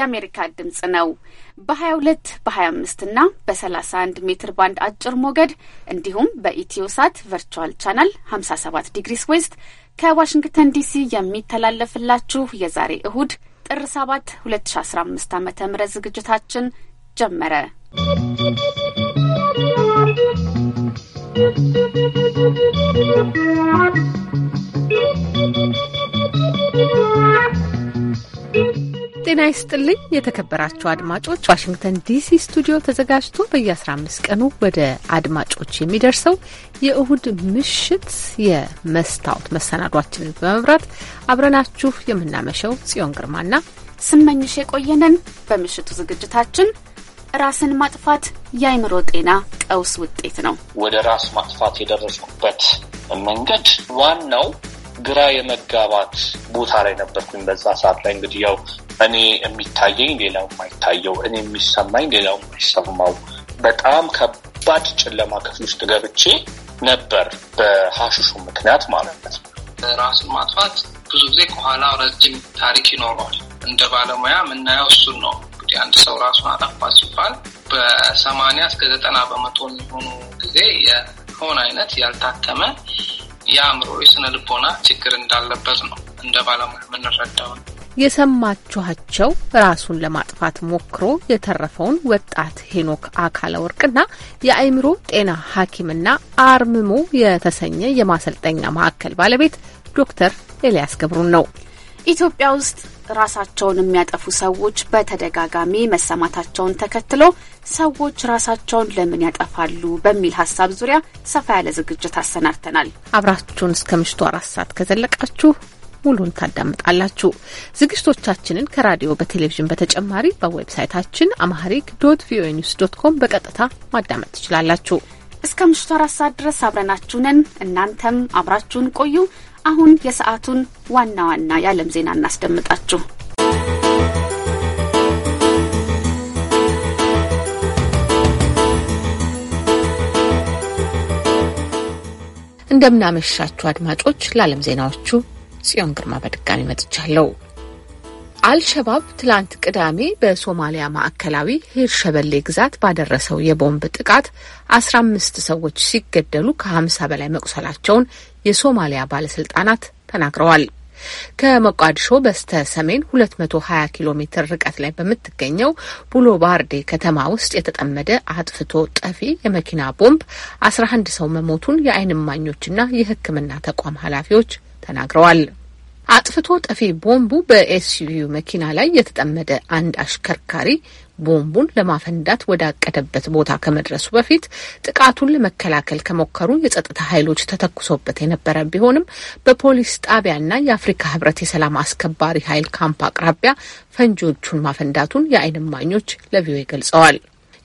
የአሜሪካ ድምጽ ነው። በ22 በ25 እና በ31 ሜትር ባንድ አጭር ሞገድ እንዲሁም በኢትዮሳት ቨርቹዋል ቻናል 57 ዲግሪስ ዌስት ከዋሽንግተን ዲሲ የሚተላለፍላችሁ የዛሬ እሁድ ጥር 7 2015 ዓ ም ዝግጅታችን ጀመረ። ¶¶ ጤና ይስጥልኝ የተከበራችሁ አድማጮች፣ ዋሽንግተን ዲሲ ስቱዲዮ ተዘጋጅቶ በየ15 ቀኑ ወደ አድማጮች የሚደርሰው የእሁድ ምሽት የመስታወት መሰናዷችንን በመብራት አብረናችሁ የምናመሸው ጽዮን ግርማና ስመኝሽ የቆየንን በምሽቱ ዝግጅታችን ራስን ማጥፋት የአይምሮ ጤና ቀውስ ውጤት ነው። ወደ ራስ ማጥፋት የደረስኩበት መንገድ ዋናው ግራ የመጋባት ቦታ ላይ ነበርኩኝ። በዛ ሰዓት ላይ እንግዲህ ያው እኔ የሚታየኝ ሌላው የማይታየው፣ እኔ የሚሰማኝ ሌላው የማይሰማው በጣም ከባድ ጨለማ ክፍል ውስጥ ገብቼ ነበር በሀሽሹ ምክንያት ማለት ነው። ራሱን ማጥፋት ብዙ ጊዜ ከኋላ ረጅም ታሪክ ይኖረዋል። እንደ ባለሙያ የምናየው እሱን ነው። እንግዲህ አንድ ሰው ራሱን አጠፋ ሲባል በሰማንያ እስከ ዘጠና በመቶ የሚሆኑ ጊዜ የሆነ አይነት ያልታከመ የአእምሮ የስነ ልቦና ችግር እንዳለበት ነው እንደ ባለሙያ የምንረዳው። የሰማችኋቸው ራሱን ለማጥፋት ሞክሮ የተረፈውን ወጣት ሄኖክ አካለ ወርቅና የአእምሮ ጤና ሐኪምና አርምሞ የተሰኘ የማሰልጠኛ ማዕከል ባለቤት ዶክተር ኤልያስ ገብሩን ነው። ኢትዮጵያ ውስጥ ራሳቸውን የሚያጠፉ ሰዎች በተደጋጋሚ መሰማታቸውን ተከትሎ ሰዎች ራሳቸውን ለምን ያጠፋሉ በሚል ሀሳብ ዙሪያ ሰፋ ያለ ዝግጅት አሰናድተናል። አብራችሁን እስከ ምሽቱ አራት ሰዓት ከዘለቃችሁ ሙሉን ታዳምጣላችሁ። ዝግጅቶቻችንን ከራዲዮ በቴሌቪዥን በተጨማሪ በዌብሳይታችን አማሪክ ዶት ቪኦኤ ኒውስ ዶት ኮም በቀጥታ ማዳመጥ ትችላላችሁ። እስከ ምሽቱ አራት ሰዓት ድረስ አብረናችሁ ነን። እናንተም አብራችሁን ቆዩ። አሁን የሰዓቱን ዋና ዋና የዓለም ዜና እናስደምጣችሁ። እንደምናመሻችሁ አድማጮች፣ ለዓለም ዜናዎቹ ጽዮን ግርማ በድጋሚ መጥቻለሁ። አልሸባብ ትላንት ቅዳሜ በሶማሊያ ማዕከላዊ ሂር ሸበሌ ግዛት ባደረሰው የቦምብ ጥቃት አስራ አምስት ሰዎች ሲገደሉ ከሀምሳ በላይ መቁሰላቸውን የሶማሊያ ባለስልጣናት ተናግረዋል። ከሞቃዲሾ በስተ ሰሜን 220 ኪሎ ሜትር ርቀት ላይ በምትገኘው ቡሎባርዴ ከተማ ውስጥ የተጠመደ አጥፍቶ ጠፊ የመኪና ቦምብ 11 ሰው መሞቱን የዓይን እማኞችና የሕክምና ተቋም ኃላፊዎች ተናግረዋል። አጥፍቶ ጠፊ ቦምቡ በኤስዩቪ መኪና ላይ የተጠመደ አንድ አሽከርካሪ ቦምቡን ለማፈንዳት ወዳቀደበት ቦታ ከመድረሱ በፊት ጥቃቱን ለመከላከል ከሞከሩ የጸጥታ ኃይሎች ተተኩሶበት የነበረ ቢሆንም በፖሊስ ጣቢያና የአፍሪካ ህብረት የሰላም አስከባሪ ኃይል ካምፕ አቅራቢያ ፈንጂዎቹን ማፈንዳቱን የዓይን እማኞች ለቪኦኤ ገልጸዋል።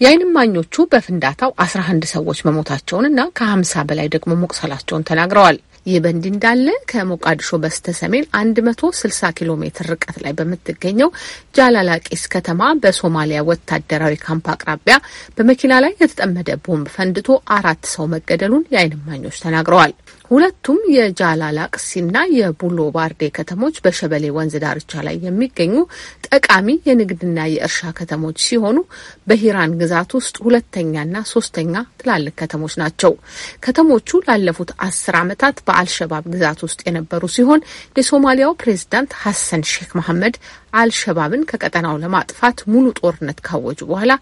የዓይን እማኞቹ በፍንዳታው አስራ አንድ ሰዎች መሞታቸውንና ከሀምሳ በላይ ደግሞ መቁሰላቸውን ተናግረዋል። ይህ በእንዲህ እንዳለ ከሞቃዲሾ በስተ ሰሜን 160 ኪሎ ሜትር ርቀት ላይ በምትገኘው ጃላላቂስ ከተማ በሶማሊያ ወታደራዊ ካምፕ አቅራቢያ በመኪና ላይ የተጠመደ ቦምብ ፈንድቶ አራት ሰው መገደሉን የአይን እማኞች ተናግረዋል። ሁለቱም የጃላላቅሲና የቡሎ ባርዴ ከተሞች በሸበሌ ወንዝ ዳርቻ ላይ የሚገኙ ጠቃሚ የንግድና የእርሻ ከተሞች ሲሆኑ በሂራን ግዛት ውስጥ ሁለተኛና ሶስተኛ ትላልቅ ከተሞች ናቸው። ከተሞቹ ላለፉት አስር ዓመታት በአልሸባብ ግዛት ውስጥ የነበሩ ሲሆን የሶማሊያው ፕሬዚዳንት ሐሰን ሼክ መሐመድ አልሸባብን ከቀጠናው ለማጥፋት ሙሉ ጦርነት ካወጁ በኋላ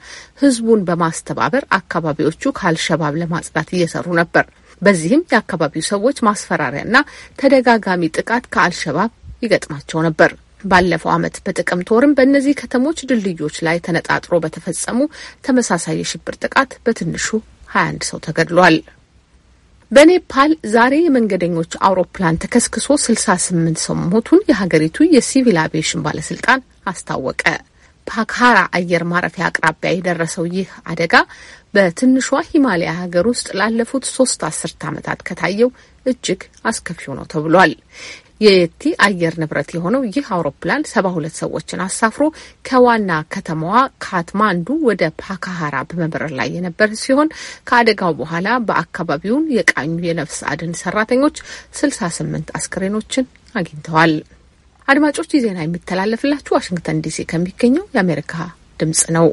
ህዝቡን በማስተባበር አካባቢዎቹ ከአልሸባብ ለማጽዳት እየሰሩ ነበር። በዚህም የአካባቢው ሰዎች ማስፈራሪያና ተደጋጋሚ ጥቃት ከአልሸባብ ይገጥማቸው ነበር። ባለፈው ዓመት በጥቅምት ወርም በእነዚህ ከተሞች ድልድዮች ላይ ተነጣጥሮ በተፈጸሙ ተመሳሳይ የሽብር ጥቃት በትንሹ 21 ሰው ተገድሏል። በኔፓል ዛሬ የመንገደኞች አውሮፕላን ተከስክሶ 68 ሰው ሞቱን የሀገሪቱ የሲቪል አቪዬሽን ባለስልጣን አስታወቀ። ፓካራ አየር ማረፊያ አቅራቢያ የደረሰው ይህ አደጋ በትንሿ ሂማሊያ ሀገር ውስጥ ላለፉት ሶስት አስርት ዓመታት ከታየው እጅግ አስከፊው ነው ተብሏል። የየቲ አየር ንብረት የሆነው ይህ አውሮፕላን ሰባ ሁለት ሰዎችን አሳፍሮ ከዋና ከተማዋ ካትማንዱ ወደ ፓካሃራ በመብረር ላይ የነበር ሲሆን ከአደጋው በኋላ በአካባቢውን የቃኙ የነፍስ አድን ሰራተኞች ስልሳ ስምንት አስክሬኖችን አግኝተዋል። አድማጮች፣ ዜና የሚተላለፍላችሁ ዋሽንግተን ዲሲ ከሚገኘው የአሜሪካ ድምጽ ነው።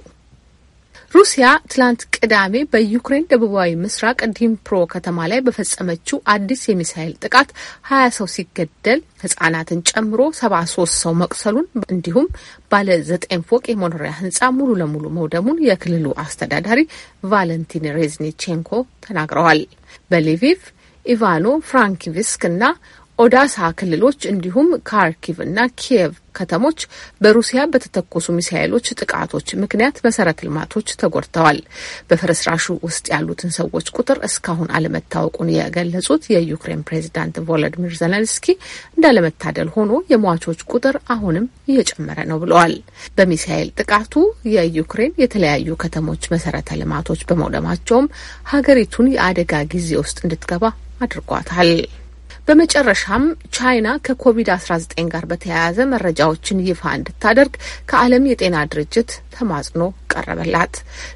ሩሲያ ትላንት ቅዳሜ በዩክሬን ደቡባዊ ምስራቅ ዲምፕሮ ከተማ ላይ በፈጸመችው አዲስ የሚሳይል ጥቃት ሀያ ሰው ሲገደል ህጻናትን ጨምሮ ሰባ ሶስት ሰው መቁሰሉን እንዲሁም ባለ ዘጠኝ ፎቅ የመኖሪያ ህንጻ ሙሉ ለሙሉ መውደሙን የክልሉ አስተዳዳሪ ቫለንቲን ሬዝኒቼንኮ ተናግረዋል። በሊቪቭ ኢቫኖ ፍራንኪቪስክ እና ኦዳሳ ክልሎች እንዲሁም ካርኪቭ እና ኪየቭ ከተሞች በሩሲያ በተተኮሱ ሚሳይሎች ጥቃቶች ምክንያት መሰረተ ልማቶች ተጎድተዋል። በፍርስራሹ ውስጥ ያሉትን ሰዎች ቁጥር እስካሁን አለመታወቁን የገለጹት የዩክሬን ፕሬዚዳንት ቮሎዲሚር ዘለንስኪ እንዳለመታደል ሆኖ የሟቾች ቁጥር አሁንም እየጨመረ ነው ብለዋል። በሚሳይል ጥቃቱ የዩክሬን የተለያዩ ከተሞች መሰረተ ልማቶች በመውደማቸውም ሀገሪቱን የአደጋ ጊዜ ውስጥ እንድትገባ አድርጓታል። በመጨረሻም ቻይና ከኮቪድ-19 ጋር በተያያዘ መረጃዎችን ይፋ እንድታደርግ ከዓለም የጤና ድርጅት ተማጽኖ ቀረበላት።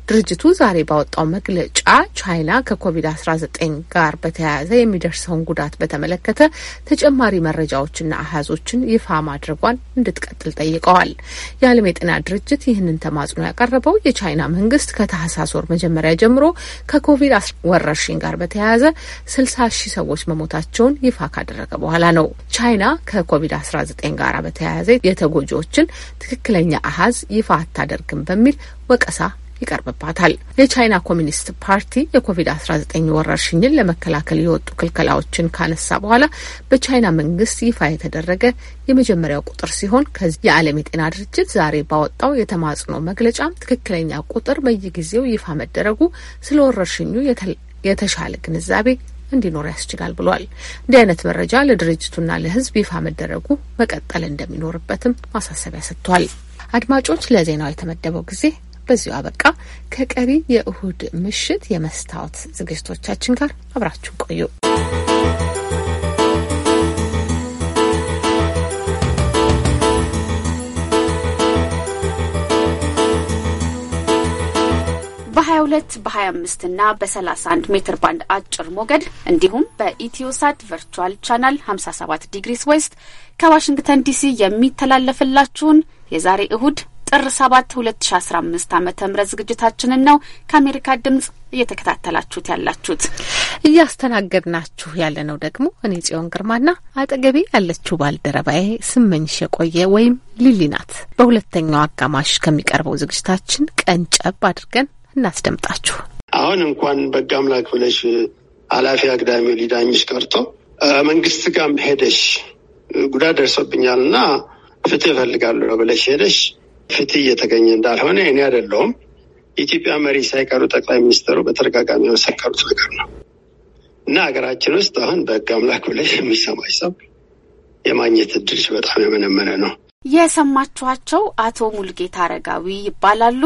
ድርጅቱ ዛሬ ባወጣው መግለጫ ቻይና ከኮቪድ-19 ጋር በተያያዘ የሚደርሰውን ጉዳት በተመለከተ ተጨማሪ መረጃዎችና አሃዞችን ይፋ ማድረጓን እንድትቀጥል ጠይቀዋል። የዓለም የጤና ድርጅት ይህንን ተማጽኖ ያቀረበው የቻይና መንግስት ከታህሳስ ወር መጀመሪያ ጀምሮ ከኮቪድ ወረርሽኝ ጋር በተያያዘ ስልሳ ሺህ ሰዎች መሞታቸውን ይፋ ካደረገ በኋላ ነው። ቻይና ከኮቪድ-19 ጋር በተያያዘ የተጎጂዎችን ትክክለኛ አሀዝ ይፋ አታደርግም በሚል ወቀሳ ይቀርብባታል። የቻይና ኮሚኒስት ፓርቲ የኮቪድ-19 ወረርሽኝን ለመከላከል የወጡ ክልከላዎችን ካነሳ በኋላ በቻይና መንግስት ይፋ የተደረገ የመጀመሪያው ቁጥር ሲሆን ከዚህ የዓለም የጤና ድርጅት ዛሬ ባወጣው የተማጽኖ መግለጫ ትክክለኛ ቁጥር በየጊዜው ይፋ መደረጉ ስለ ወረርሽኙ የተሻለ ግንዛቤ እንዲኖር ያስችላል ብሏል። እንዲህ አይነት መረጃ ለድርጅቱና ለሕዝብ ይፋ መደረጉ መቀጠል እንደሚኖርበትም ማሳሰቢያ ሰጥቷል። አድማጮች፣ ለዜናው የተመደበው ጊዜ በዚሁ አበቃ። ከቀሪ የእሁድ ምሽት የመስታወት ዝግጅቶቻችን ጋር አብራችሁ ቆዩ። በ22 በ25 እና በ31 ሜትር ባንድ አጭር ሞገድ እንዲሁም በኢትዮሳት ቨርቹዋል ቻናል 57 ዲግሪስ ዌስት ከዋሽንግተን ዲሲ የሚተላለፍላችሁን የዛሬ እሁድ ጥር 7 2015 ዓ.ም ዝግጅታችንን ነው ከአሜሪካ ድምጽ እየተከታተላችሁት ያላችሁት። እያስተናገድናችሁ ያለነው ደግሞ እኔ ጽዮን ግርማና አጠገቤ ያለችው ባልደረባዬ ስመኝሽ የቆየ ወይም ሊሊ ናት። በሁለተኛው አጋማሽ ከሚቀርበው ዝግጅታችን ቀንጨብ አድርገን እናስደምጣችሁ። አሁን እንኳን በጋ አምላክ ብለሽ ኃላፊ አግዳሚ ሊዳኝሽ ቀርቶ መንግስት ጋር ሄደሽ ጉዳት ደርሶብኛል እና ፍትህ እፈልጋለሁ ብለሽ ሄደሽ ፍትህ እየተገኘ እንዳልሆነ እኔ አይደለሁም የኢትዮጵያ መሪ ሳይቀሩ ጠቅላይ ሚኒስትሩ በተደጋጋሚ የመሰከሩት ነገር ነው እና ሀገራችን ውስጥ አሁን በህግ አምላክ ብለሽ የሚሰማች ሰው የማግኘት እድልሽ በጣም የመነመነ ነው። የሰማችኋቸው አቶ ሙልጌታ አረጋዊ ይባላሉ።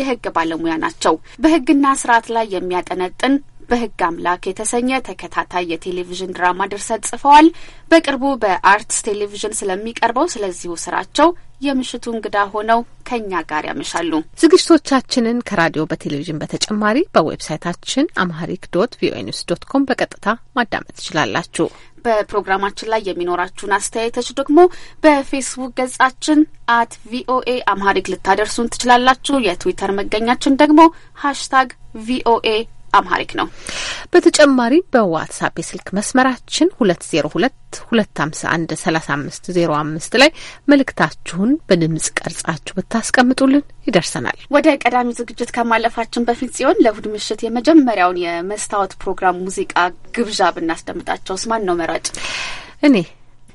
የህግ ባለሙያ ናቸው። በህግና ስርዓት ላይ የሚያጠነጥን በህግ አምላክ የተሰኘ ተከታታይ የቴሌቪዥን ድራማ ድርሰት ጽፈዋል። በቅርቡ በአርትስ ቴሌቪዥን ስለሚቀርበው ስለዚሁ ስራቸው የምሽቱ እንግዳ ሆነው ከኛ ጋር ያመሻሉ። ዝግጅቶቻችንን ከራዲዮ በቴሌቪዥን በተጨማሪ በዌብሳይታችን አምሃሪክ ዶት ቪኦኤ ኒውስ ዶት ኮም በቀጥታ ማዳመጥ ትችላላችሁ። በፕሮግራማችን ላይ የሚኖራችሁን አስተያየቶች ደግሞ በፌስቡክ ገጻችን አት ቪኦኤ አምሀሪክ ልታደርሱን ትችላላችሁ። የትዊተር መገኛችን ደግሞ ሀሽታግ ቪኦኤ አምሃሪክ ነው። በተጨማሪ በዋትሳፕ የስልክ መስመራችን ሁለት ዜሮ ሁለት ሁለት ሀምሳ አንድ ሰላሳ አምስት ዜሮ አምስት ላይ መልእክታችሁን በድምጽ ቀርጻችሁ ብታስቀምጡልን ይደርሰናል። ወደ ቀዳሚ ዝግጅት ከማለፋችን በፊት ሲሆን ለእሁድ ምሽት የመጀመሪያውን የመስታወት ፕሮግራም ሙዚቃ ግብዣ ብናስደምጣቸው ማን ነው መራጭ? እኔ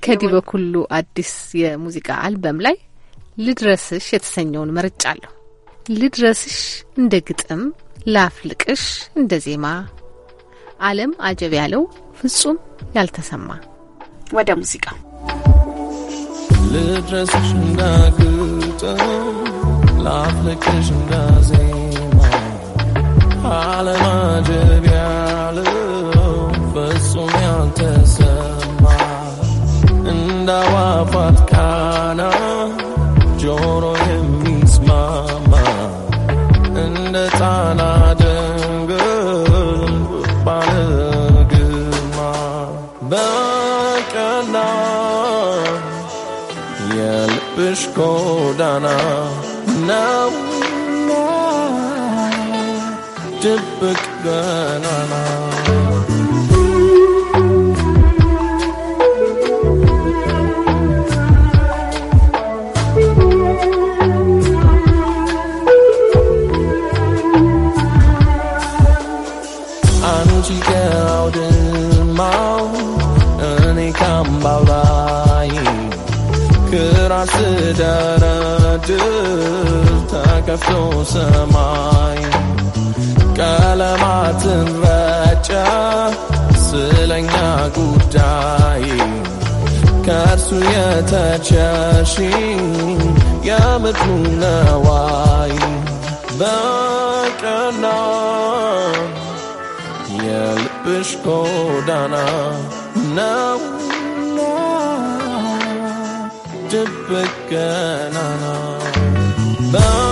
ከዲህ በኩሉ አዲስ የሙዚቃ አልበም ላይ ልድረስሽ የተሰኘውን መርጫ አለሁ። ልድረስሽ እንደ ግጥም ላፍልቅሽ እንደ ዜማ አለም አጀብ ያለው ፍጹም ያልተሰማ ወደ ሙዚቃ ልድረስሽ እንዳግጠው ላፍልቅሽ እንዳ ዜማ አጀብ ያለው ፍጹም ያልተሰማ እንዳዋፋት szkoda nam Tıpkı dönana ዳራ ተከፍቶ ሰማይ ቀለማትን ረጨ ስለኛ ጉዳይ ከእርሱ የተቸርሺ የምድሩ ነዋይ በቀና የልብሽ ጎዳና ነው شبك انا بقى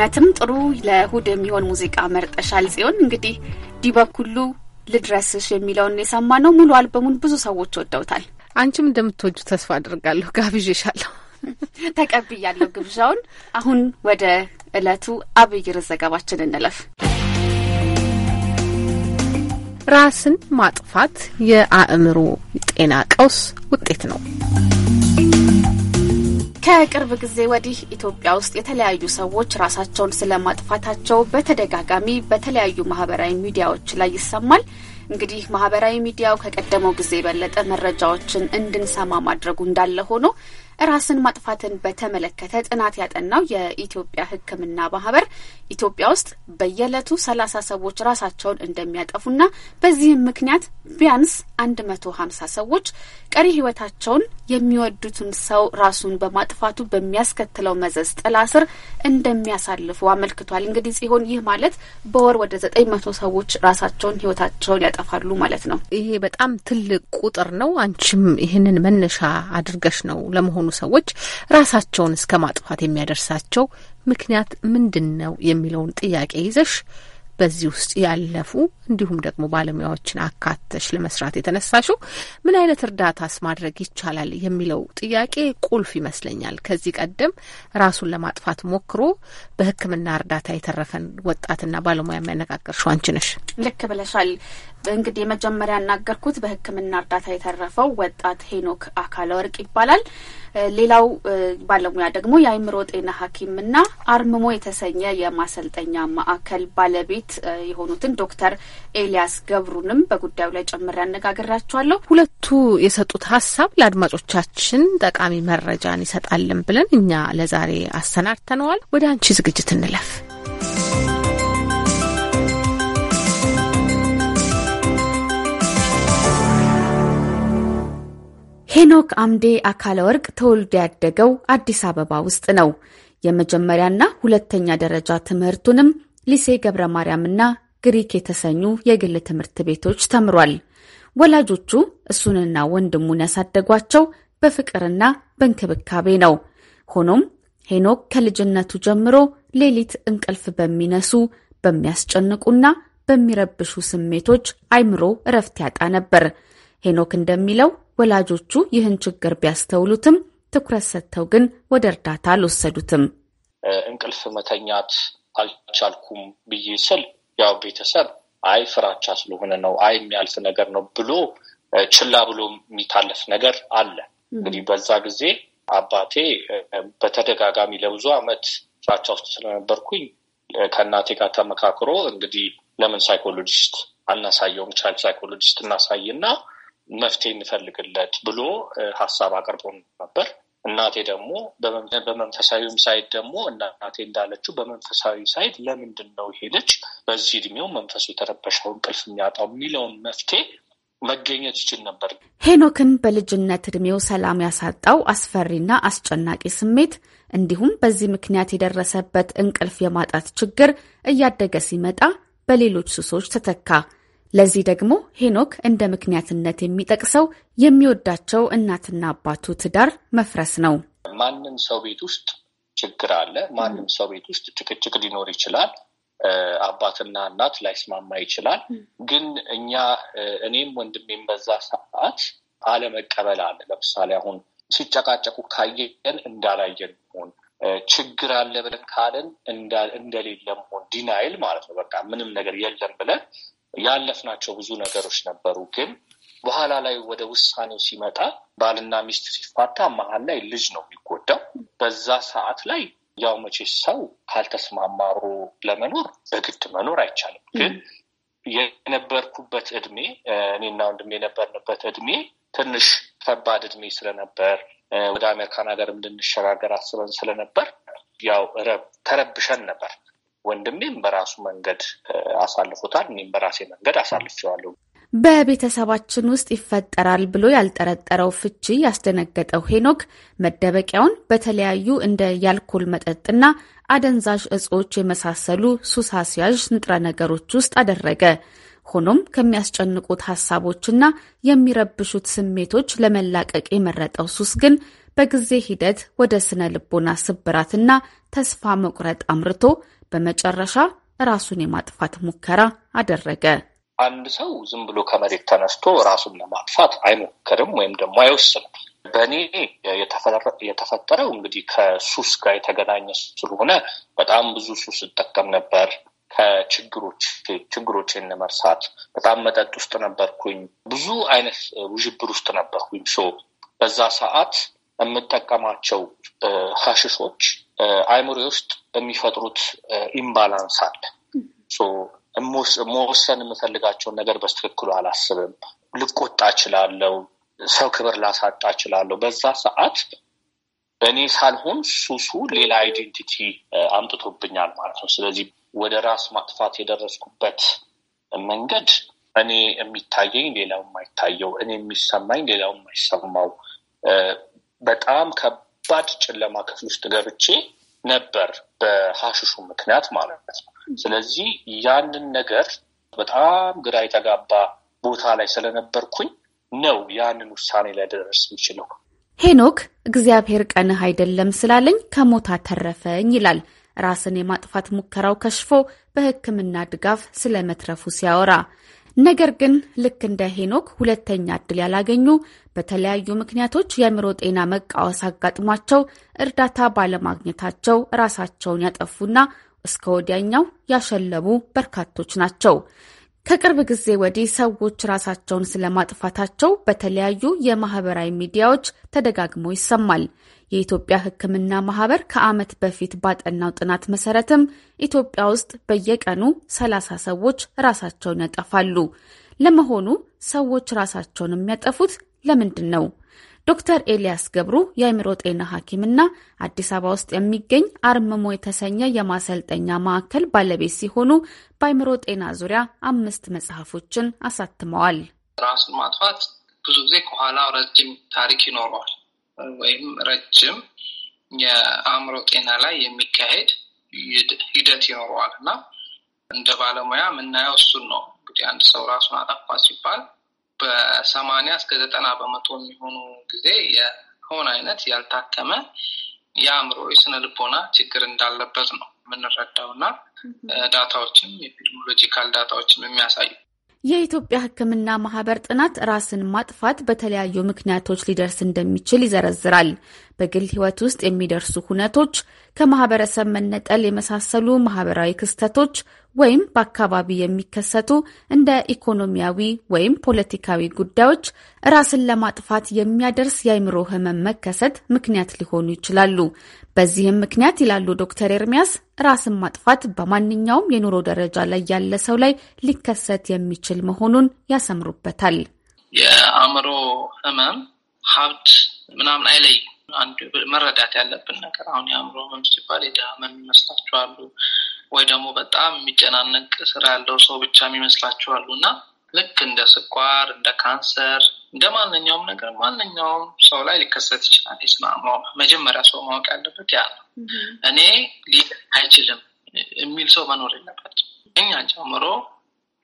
እውነትም ጥሩ ለእሁድ የሚሆን ሙዚቃ መርጠሻል ጽዮን። እንግዲህ ዲበኩሉ ልድረስሽ የሚለውን የሰማ ነው። ሙሉ አልበሙን ብዙ ሰዎች ወደውታል። አንቺም እንደምትወጁ ተስፋ አድርጋለሁ። ጋብዤሻለሁ። ተቀብያለሁ ግብዣውን። አሁን ወደ እለቱ አብይ ርዕስ ዘገባችን እንለፍ። ራስን ማጥፋት የአእምሮ ጤና ቀውስ ውጤት ነው። ከቅርብ ጊዜ ወዲህ ኢትዮጵያ ውስጥ የተለያዩ ሰዎች ራሳቸውን ስለማጥፋታቸው በተደጋጋሚ በተለያዩ ማህበራዊ ሚዲያዎች ላይ ይሰማል። እንግዲህ ማህበራዊ ሚዲያው ከቀደመው ጊዜ የበለጠ መረጃዎችን እንድንሰማ ማድረጉ እንዳለ ሆኖ ራስን ማጥፋትን በተመለከተ ጥናት ያጠናው የኢትዮጵያ ሕክምና ማህበር ኢትዮጵያ ውስጥ በየዕለቱ ሰላሳ ሰዎች ራሳቸውን እንደሚያጠፉና በዚህም ምክንያት ቢያንስ አንድ መቶ ሀምሳ ሰዎች ቀሪ ህይወታቸውን የሚወዱትን ሰው ራሱን በማጥፋቱ በሚያስከትለው መዘዝ ጥላ ስር እንደሚያሳልፉ አመልክቷል። እንግዲህ ሲሆን ይህ ማለት በወር ወደ ዘጠኝ መቶ ሰዎች ራሳቸውን ህይወታቸውን ያጠፋሉ ማለት ነው። ይሄ በጣም ትልቅ ቁጥር ነው። አንቺም ይህንን መነሻ አድርገሽ ነው ለመሆኑ ሰዎች ራሳቸውን እስከ ማጥፋት የሚያደርሳቸው ምክንያት ምንድን ነው የሚለውን ጥያቄ ይዘሽ በዚህ ውስጥ ያለፉ እንዲሁም ደግሞ ባለሙያዎችን አካተሽ ለመስራት የተነሳሽው ምን አይነት እርዳታስ ማድረግ ይቻላል የሚለው ጥያቄ ቁልፍ ይመስለኛል። ከዚህ ቀደም ራሱን ለማጥፋት ሞክሮ በሕክምና እርዳታ የተረፈን ወጣትና ባለሙያ የሚያነጋገርሽው አንቺ ነሽ። ልክ ብለሻል። እንግዲህ የመጀመሪያ ያናገርኩት በሕክምና እርዳታ የተረፈው ወጣት ሄኖክ አካለ ወርቅ ይባላል። ሌላው ባለሙያ ደግሞ የአይምሮ ጤና ሐኪምና አርምሞ የተሰኘ የማሰልጠኛ ማዕከል ባለቤት የሆኑትን ዶክተር ኤልያስ ገብሩንም በጉዳዩ ላይ ጨምሬ ያነጋግራቸዋለሁ። ሁለቱ የሰጡት ሀሳብ ለአድማጮቻችን ጠቃሚ መረጃን ይሰጣልን ብለን እኛ ለዛሬ አሰናድተነዋል። ወደ አንቺ ዝግጅት እንለፍ። ሄኖክ አምዴ አካለ ወርቅ ተወልዶ ያደገው አዲስ አበባ ውስጥ ነው። የመጀመሪያና ሁለተኛ ደረጃ ትምህርቱንም ሊሴ ገብረ ማርያምና ግሪክ የተሰኙ የግል ትምህርት ቤቶች ተምሯል። ወላጆቹ እሱንና ወንድሙን ያሳደጓቸው በፍቅርና በእንክብካቤ ነው። ሆኖም ሄኖክ ከልጅነቱ ጀምሮ ሌሊት እንቅልፍ በሚነሱ በሚያስጨንቁና በሚረብሹ ስሜቶች አይምሮ እረፍት ያጣ ነበር። ሄኖክ እንደሚለው ወላጆቹ ይህን ችግር ቢያስተውሉትም ትኩረት ሰጥተው ግን ወደ እርዳታ አልወሰዱትም። እንቅልፍ መተኛት አልቻልኩም ብዬ ስል ያው ቤተሰብ አይ ፍራቻ ስለሆነ ነው፣ አይ የሚያልፍ ነገር ነው ብሎ ችላ ብሎ የሚታለፍ ነገር አለ። እንግዲህ በዛ ጊዜ አባቴ በተደጋጋሚ ለብዙ ዓመት ፍራቻ ውስጥ ስለነበርኩኝ ከእናቴ ጋር ተመካክሮ እንግዲህ ለምን ሳይኮሎጂስት አናሳየውም፣ ቻይልድ ሳይኮሎጂስት እናሳይና መፍትሄ እንፈልግለት ብሎ ሀሳብ አቅርቦ ነበር። እናቴ ደግሞ በመንፈሳዊም ሳይድ ደግሞ እናቴ እንዳለችው በመንፈሳዊ ሳይድ ለምንድን ነው ይሄ ልጅ በዚህ እድሜው መንፈሱ የተረበሸው እንቅልፍ የሚያጣው የሚለውን መፍትሄ መገኘት ይችል ነበር። ሄኖክን በልጅነት እድሜው ሰላም ያሳጣው አስፈሪና አስጨናቂ ስሜት እንዲሁም በዚህ ምክንያት የደረሰበት እንቅልፍ የማጣት ችግር እያደገ ሲመጣ በሌሎች ሱሶች ተተካ። ለዚህ ደግሞ ሄኖክ እንደ ምክንያትነት የሚጠቅሰው የሚወዳቸው እናትና አባቱ ትዳር መፍረስ ነው። ማንም ሰው ቤት ውስጥ ችግር አለ። ማንም ሰው ቤት ውስጥ ጭቅጭቅ ሊኖር ይችላል። አባትና እናት ላይስማማ ይችላል። ግን እኛ እኔም ወንድሜም በዛ ሰዓት አለመቀበል አለ። ለምሳሌ አሁን ሲጨቃጨቁ ካየን እንዳላየን መሆን፣ ችግር አለ ብለን ካለን እንደሌለ መሆን፣ ዲናይል ማለት ነው። በቃ ምንም ነገር የለም ብለን ያለፍናቸው ብዙ ነገሮች ነበሩ። ግን በኋላ ላይ ወደ ውሳኔው ሲመጣ ባልና ሚስት ሲፋታ መሀል ላይ ልጅ ነው የሚጎዳው። በዛ ሰዓት ላይ ያው መቼስ ሰው ካልተስማማሩ ለመኖር በግድ መኖር አይቻልም። ግን የነበርኩበት እድሜ እኔና ወንድሜ የነበርንበት እድሜ ትንሽ ከባድ እድሜ ስለነበር ወደ አሜሪካን ሀገር እንድንሸጋገር አስበን ስለነበር ያው ተረብሸን ነበር። ወንድሜም በራሱ መንገድ አሳልፎታል፣ እኔም በራሴ መንገድ አሳልፌዋለሁ። በቤተሰባችን ውስጥ ይፈጠራል ብሎ ያልጠረጠረው ፍቺ ያስደነገጠው ሄኖክ መደበቂያውን በተለያዩ እንደ የአልኮል መጠጥና አደንዛዥ እጾች የመሳሰሉ ሱስ አስያዥ ንጥረ ነገሮች ውስጥ አደረገ። ሆኖም ከሚያስጨንቁት ሀሳቦችና የሚረብሹት ስሜቶች ለመላቀቅ የመረጠው ሱስ ግን በጊዜ ሂደት ወደ ስነ ልቦና ስብራትና ተስፋ መቁረጥ አምርቶ በመጨረሻ ራሱን የማጥፋት ሙከራ አደረገ። አንድ ሰው ዝም ብሎ ከመሬት ተነስቶ ራሱን ለማጥፋት አይሞክርም ወይም ደግሞ አይወስንም። በእኔ የተፈጠረው እንግዲህ ከሱስ ጋር የተገናኘ ስለሆነ በጣም ብዙ ሱስ እጠቀም ነበር። ከችግሮች ችግሮችን ለመርሳት በጣም መጠጥ ውስጥ ነበርኩኝ። ብዙ አይነት ውዥብር ውስጥ ነበርኩኝ። ሶ በዛ ሰዓት የምጠቀማቸው ሀሽሾች አይምሪ ውስጥ የሚፈጥሩት ኢምባላንስ አለ። መወሰን የምፈልጋቸውን ነገር በስትክክሉ አላስብም፣ ልቆጣ እችላለሁ፣ ሰው ክብር ላሳጣ እችላለሁ። በዛ ሰዓት እኔ ሳልሆን ሱሱ ሌላ አይዴንቲቲ አምጥቶብኛል ማለት ነው። ስለዚህ ወደ ራስ ማጥፋት የደረስኩበት መንገድ እኔ የሚታየኝ ሌላው የማይታየው፣ እኔ የሚሰማኝ ሌላው የማይሰማው በጣም ከባድ ጨለማ ክፍል ውስጥ ገብቼ ነበር በሀሽሹ ምክንያት ማለት ነው። ስለዚህ ያንን ነገር በጣም ግራ የተጋባ ቦታ ላይ ስለነበርኩኝ ነው ያንን ውሳኔ ላይ ደረስ የሚችለው። ሄኖክ እግዚአብሔር ቀንህ አይደለም ስላለኝ ከሞታ ተረፈኝ ይላል ራስን የማጥፋት ሙከራው ከሽፎ በሕክምና ድጋፍ ስለመትረፉ ሲያወራ ነገር ግን ልክ እንደ ሄኖክ ሁለተኛ እድል ያላገኙ በተለያዩ ምክንያቶች የአእምሮ ጤና መቃወስ አጋጥሟቸው እርዳታ ባለማግኘታቸው ራሳቸውን ያጠፉና እስከ ወዲያኛው ያሸለሙ በርካቶች ናቸው። ከቅርብ ጊዜ ወዲህ ሰዎች ራሳቸውን ስለማጥፋታቸው በተለያዩ የማህበራዊ ሚዲያዎች ተደጋግሞ ይሰማል። የኢትዮጵያ ሕክምና ማህበር ከዓመት በፊት ባጠናው ጥናት መሰረትም ኢትዮጵያ ውስጥ በየቀኑ 30 ሰዎች ራሳቸውን ያጠፋሉ። ለመሆኑ ሰዎች ራሳቸውን የሚያጠፉት ለምንድን ነው? ዶክተር ኤልያስ ገብሩ የአእምሮ ጤና ሐኪምና አዲስ አበባ ውስጥ የሚገኝ አርምሞ የተሰኘ የማሰልጠኛ ማዕከል ባለቤት ሲሆኑ በአእምሮ ጤና ዙሪያ አምስት መጽሐፎችን አሳትመዋል። ራሱን ማጥፋት ብዙ ጊዜ ከኋላው ረጅም ታሪክ ይኖረዋል ወይም ረጅም የአእምሮ ጤና ላይ የሚካሄድ ሂደት ይኖረዋል እና እንደ ባለሙያ የምናየው እሱን ነው። እንግዲህ አንድ ሰው ራሱን አጠፋ ሲባል በሰማንያ እስከ ዘጠና በመቶ የሚሆኑ ጊዜ የሆነ አይነት ያልታከመ የአእምሮ የስነ ልቦና ችግር እንዳለበት ነው የምንረዳው እና ዳታዎችም የኤፒዲሚዮሎጂካል ዳታዎችም የሚያሳዩ የኢትዮጵያ ሕክምና ማህበር ጥናት ራስን ማጥፋት በተለያዩ ምክንያቶች ሊደርስ እንደሚችል ይዘረዝራል። በግል ህይወት ውስጥ የሚደርሱ ሁነቶች፣ ከማህበረሰብ መነጠል የመሳሰሉ ማህበራዊ ክስተቶች ወይም በአካባቢ የሚከሰቱ እንደ ኢኮኖሚያዊ ወይም ፖለቲካዊ ጉዳዮች ራስን ለማጥፋት የሚያደርስ የአይምሮ ህመም መከሰት ምክንያት ሊሆኑ ይችላሉ። በዚህም ምክንያት ይላሉ ዶክተር ኤርሚያስ ራስን ማጥፋት በማንኛውም የኑሮ ደረጃ ላይ ያለ ሰው ላይ ሊከሰት የሚችል መሆኑን ያሰምሩበታል። የአእምሮ ህመም ሀብት ምናምን አይለይ አንዱ መረዳት ያለብን ነገር አሁን የአእምሮ ህመም ሲባል የድሃ ይመስላችኋሉ ወይ ደግሞ በጣም የሚጨናነቅ ስራ ያለው ሰው ብቻ የሚመስላቸው አሉ እና ልክ እንደ ስኳር፣ እንደ ካንሰር፣ እንደ ማንኛውም ነገር ማንኛውም ሰው ላይ ሊከሰት ይችላል። መጀመሪያ ሰው ማወቅ ያለበት ያ ነው። እኔ ሊ አይችልም የሚል ሰው መኖር የለበት እኛ ጨምሮ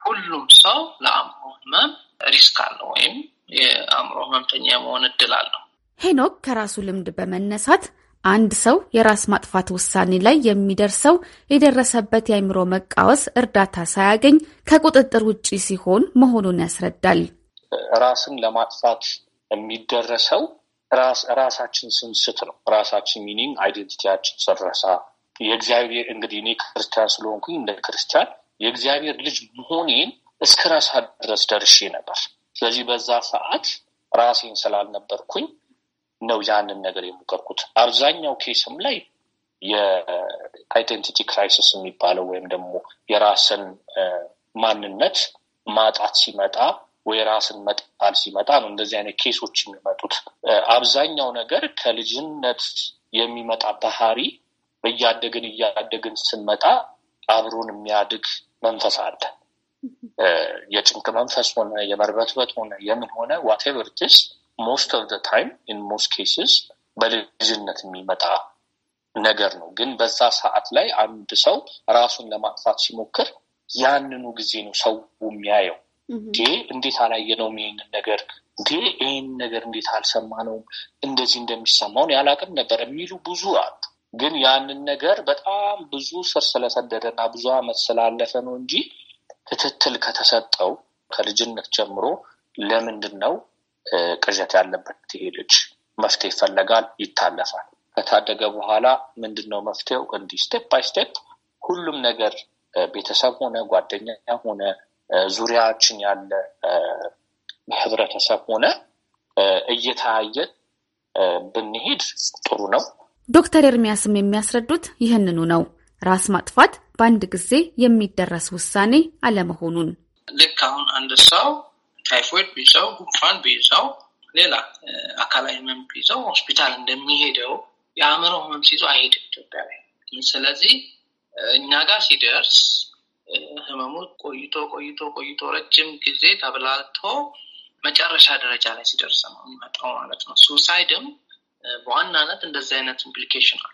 ሁሉም ሰው ለአእምሮ ህመም ሪስክ አለው ወይም የአእምሮ ህመምተኛ የመሆን እድል አለው። ሄኖክ ከራሱ ልምድ በመነሳት አንድ ሰው የራስ ማጥፋት ውሳኔ ላይ የሚደርሰው የደረሰበት የአእምሮ መቃወስ እርዳታ ሳያገኝ ከቁጥጥር ውጪ ሲሆን መሆኑን ያስረዳል። ራስን ለማጥፋት የሚደረሰው ራሳችን ስንስት ነው። ራሳችን ሚኒንግ አይዴንቲቲያችን ሰረሳ የእግዚአብሔር እንግዲህ እኔ ክርስቲያን ስለሆንኩኝ እንደ ክርስቲያን የእግዚአብሔር ልጅ መሆኔን እስከ ራሳ ድረስ ደርሼ ነበር። ስለዚህ በዛ ሰዓት ራሴን ስላልነበርኩኝ ነው ያንን ነገር የሞከርኩት። አብዛኛው ኬስም ላይ የአይደንቲቲ ክራይሲስ የሚባለው ወይም ደግሞ የራስን ማንነት ማጣት ሲመጣ ወይ ራስን መጣል ሲመጣ ነው እንደዚህ አይነት ኬሶች የሚመጡት። አብዛኛው ነገር ከልጅነት የሚመጣ ባህሪ እያደግን እያደግን ስንመጣ አብሮን የሚያድግ መንፈስ አለ። የጭንቅ መንፈስ ሆነ የመርበትበት ሆነ የምን ሆነ ዋቴቨር ሞስት ኦፍ ዘ ታይም ኢን ሞስት ኬስስ በልጅነት የሚመጣ ነገር ነው። ግን በዛ ሰዓት ላይ አንድ ሰው ራሱን ለማጥፋት ሲሞክር ያንኑ ጊዜ ነው ሰው የሚያየው። እንዴ እንዴት አላየነውም ይሄንን ነገር እንዴ ይህን ነገር እንዴት አልሰማነውም? እንደዚህ እንደሚሰማውን ያላቅም ነበር የሚሉ ብዙ አሉ። ግን ያንን ነገር በጣም ብዙ ስር ስለሰደደ እና ብዙ ዓመት ስላለፈ ነው እንጂ ክትትል ከተሰጠው ከልጅነት ጀምሮ ለምንድን ነው ቅዠት ያለበት ይሄ ልጅ መፍትሄ ይፈለጋል፣ ይታለፋል። ከታደገ በኋላ ምንድን ነው መፍትሄው? እንዲህ ስቴፕ ባይ ስቴፕ ሁሉም ነገር ቤተሰብ ሆነ ጓደኛ ሆነ ዙሪያችን ያለ ህብረተሰብ ሆነ እየተያየ ብንሄድ ጥሩ ነው። ዶክተር ኤርሚያስም የሚያስረዱት ይህንኑ ነው። ራስ ማጥፋት በአንድ ጊዜ የሚደረስ ውሳኔ አለመሆኑን ልክ አሁን አንድ ሰው ታይፎይድ ቢይዘው ጉንፋን ቢይዘው ሌላ አካላዊ ህመም ቢይዘው ሆስፒታል እንደሚሄደው የአእምሮ ህመም ሲይዘው አይሄድ ኢትዮጵያ ላይ። ስለዚህ እኛ ጋር ሲደርስ ህመሙ ቆይቶ ቆይቶ ቆይቶ ረጅም ጊዜ ተብላልቶ መጨረሻ ደረጃ ላይ ሲደርስ ነው የሚመጣው ማለት ነው። ሱሳይድም በዋናነት እንደዚህ አይነት ኢምፕሊኬሽን አለ።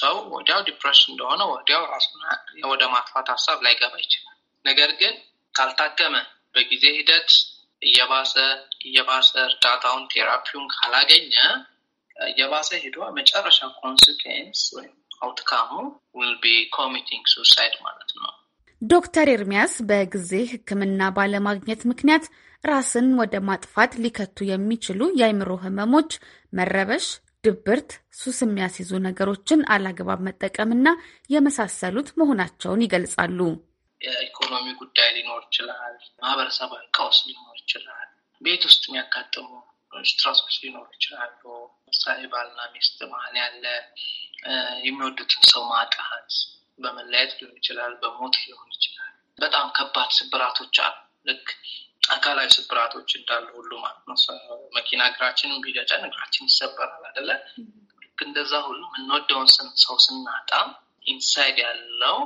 ሰው ወዲያው ዲፕሬሽን እንደሆነ ወዲያው ራሱን ወደ ማጥፋት ሀሳብ ላይገባ ይችላል። ነገር ግን ካልታከመ በጊዜ ሂደት እየባሰ እየባሰ እርዳታውን ቴራፒውን ካላገኘ እየባሰ ሄዶ መጨረሻ ኮንስኬንስ ወይም አውትካሙ ዊል ቢ ኮሚቲንግ ሱሳይድ ማለት ነው። ዶክተር ኤርሚያስ በጊዜ ሕክምና ባለማግኘት ምክንያት ራስን ወደ ማጥፋት ሊከቱ የሚችሉ የአይምሮ ህመሞች መረበሽ፣ ድብርት፣ ሱስ የሚያስይዙ ነገሮችን አላግባብ መጠቀምና የመሳሰሉት መሆናቸውን ይገልጻሉ። የኢኮኖሚ ጉዳይ ሊኖር ይችላል። ማህበረሰባዊ ቀውስ ሊኖር ይችላል። ቤት ውስጥ የሚያጋጥሙ ስትራሶች ሊኖሩ ይችላሉ። ምሳሌ ባልና ሚስት መሀል ያለ የሚወዱትን ሰው ማጣት በመለያየት ሊሆን ይችላል፣ በሞት ሊሆን ይችላል። በጣም ከባድ ስብራቶች አሉ። ልክ አካላዊ ስብራቶች እንዳሉ ሁሉ ማለት ነው። መኪና እግራችን ቢገጨን እግራችን ይሰበራል አይደለ? ልክ እንደዛ ሁሉ የምንወደውን ሰው ስናጣ ኢንሳይድ ያለው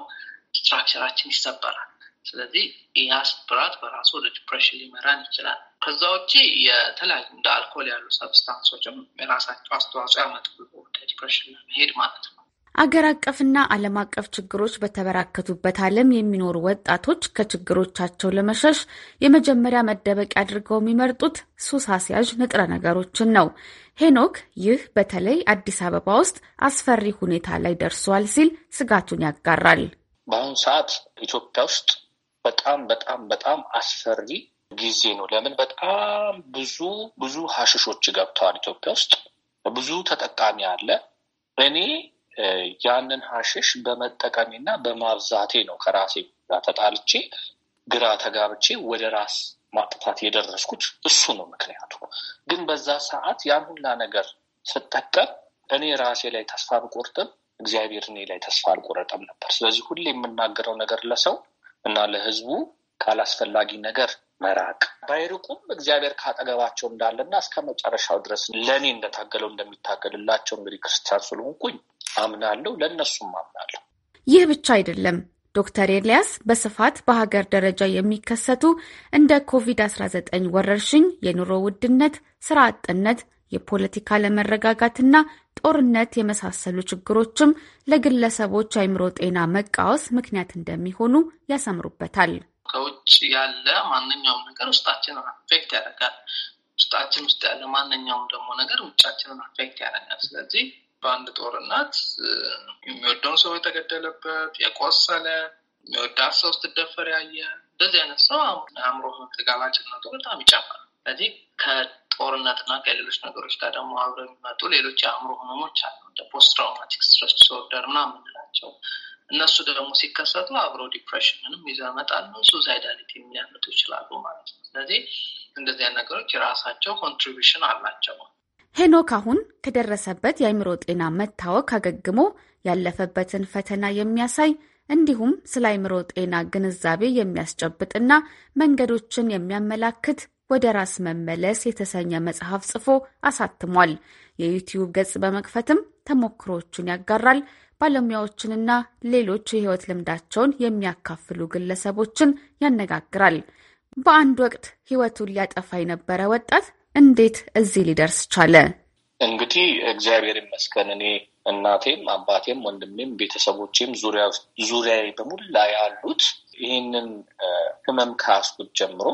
ስትራክቸራችን ይሰበራል። ስለዚህ ይህ ስብራት በራሱ ወደ ዲፕሬሽን ሊመራን ይችላል። ከዛ ውጭ የተለያዩ እንደ አልኮል ያሉ ሰብስታንሶችም የራሳቸው አስተዋጽኦ ያመጡ ወደ ዲፕሬሽን ለመሄድ ማለት ነው። አገር አቀፍና ዓለም አቀፍ ችግሮች በተበራከቱበት ዓለም የሚኖሩ ወጣቶች ከችግሮቻቸው ለመሸሽ የመጀመሪያ መደበቂያ አድርገው የሚመርጡት ሱስ አስያዥ ንጥረ ነገሮችን ነው። ሄኖክ ይህ በተለይ አዲስ አበባ ውስጥ አስፈሪ ሁኔታ ላይ ደርሷል ሲል ስጋቱን ያጋራል። በአሁኑ ሰዓት ኢትዮጵያ ውስጥ በጣም በጣም በጣም አስፈሪ ጊዜ ነው። ለምን በጣም ብዙ ብዙ ሀሽሾች ገብተዋል ኢትዮጵያ ውስጥ ብዙ ተጠቃሚ አለ። እኔ ያንን ሀሽሽ በመጠቀሜና በማብዛቴ ነው ከራሴ ጋር ተጣልቼ ግራ ተጋብቼ ወደ ራስ ማጥፋት የደረስኩት እሱ ነው ምክንያቱ። ግን በዛ ሰዓት ያን ሁላ ነገር ስጠቀም እኔ ራሴ ላይ ተስፋ አልቆርጥም፣ እግዚአብሔር እኔ ላይ ተስፋ አልቆረጠም ነበር። ስለዚህ ሁሌ የምናገረው ነገር ለሰው እና ለህዝቡ ካላስፈላጊ ነገር መራቅ ባይርቁም እግዚአብሔር ካጠገባቸው እንዳለና እስከ መጨረሻው ድረስ ለእኔ እንደታገለው እንደሚታገልላቸው እንግዲህ ክርስቲያን ስለሆንኩኝ አምናለሁ፣ ለእነሱም አምናለሁ። ይህ ብቻ አይደለም። ዶክተር ኤልያስ በስፋት በሀገር ደረጃ የሚከሰቱ እንደ ኮቪድ-19 ወረርሽኝ፣ የኑሮ ውድነት፣ ስራ አጥነት የፖለቲካ ለመረጋጋትና ጦርነት የመሳሰሉ ችግሮችም ለግለሰቦች አይምሮ ጤና መቃወስ ምክንያት እንደሚሆኑ ያሰምሩበታል። ከውጭ ያለ ማንኛውም ነገር ውስጣችንን አፌክት ያደርጋል። ውስጣችን ውስጥ ያለ ማንኛውም ደግሞ ነገር ውጫችንን አፌክት ያደርጋል። ስለዚህ በአንድ ጦርነት የሚወደውን ሰው የተገደለበት፣ የቆሰለ፣ የሚወዳት ሰው ስትደፈር ያየ እንደዚህ አይነት ሰው አእምሮ ተጋላጭነቱ በጣም ይጨምራል። ስለዚህ ከጦርነትና ከሌሎች ነገሮች ጋር ደግሞ አብረው የሚመጡ ሌሎች የአእምሮ ህመሞች አሉ፣ እንደ ፖስት ትራውማቲክ ስትረስ ዲስኦርደር ና የምንላቸው እነሱ ደግሞ ሲከሰቱ አብረው ዲፕሬሽንንም ይዘ መጣሉ ሱሳይዳሊቲ የሚያመጡ ይችላሉ ማለት ነው። ስለዚህ እንደዚያ ነገሮች የራሳቸው ኮንትሪቢሽን አላቸው። ሄኖክ አሁን ከደረሰበት የአእምሮ ጤና መታወክ አገግሞ ያለፈበትን ፈተና የሚያሳይ እንዲሁም ስለ አእምሮ ጤና ግንዛቤ የሚያስጨብጥና መንገዶችን የሚያመላክት ወደ ራስ መመለስ የተሰኘ መጽሐፍ ጽፎ አሳትሟል። የዩቲዩብ ገጽ በመክፈትም ተሞክሮዎቹን ያጋራል። ባለሙያዎችንና ሌሎች የህይወት ልምዳቸውን የሚያካፍሉ ግለሰቦችን ያነጋግራል። በአንድ ወቅት ህይወቱን ሊያጠፋ የነበረ ወጣት እንዴት እዚህ ሊደርስ ቻለ? እንግዲህ እግዚአብሔር ይመስገን እኔ እናቴም አባቴም ወንድሜም ቤተሰቦቼም ዙሪያ በሙላ ያሉት ይህንን ህመም ካስኩት ጀምሮ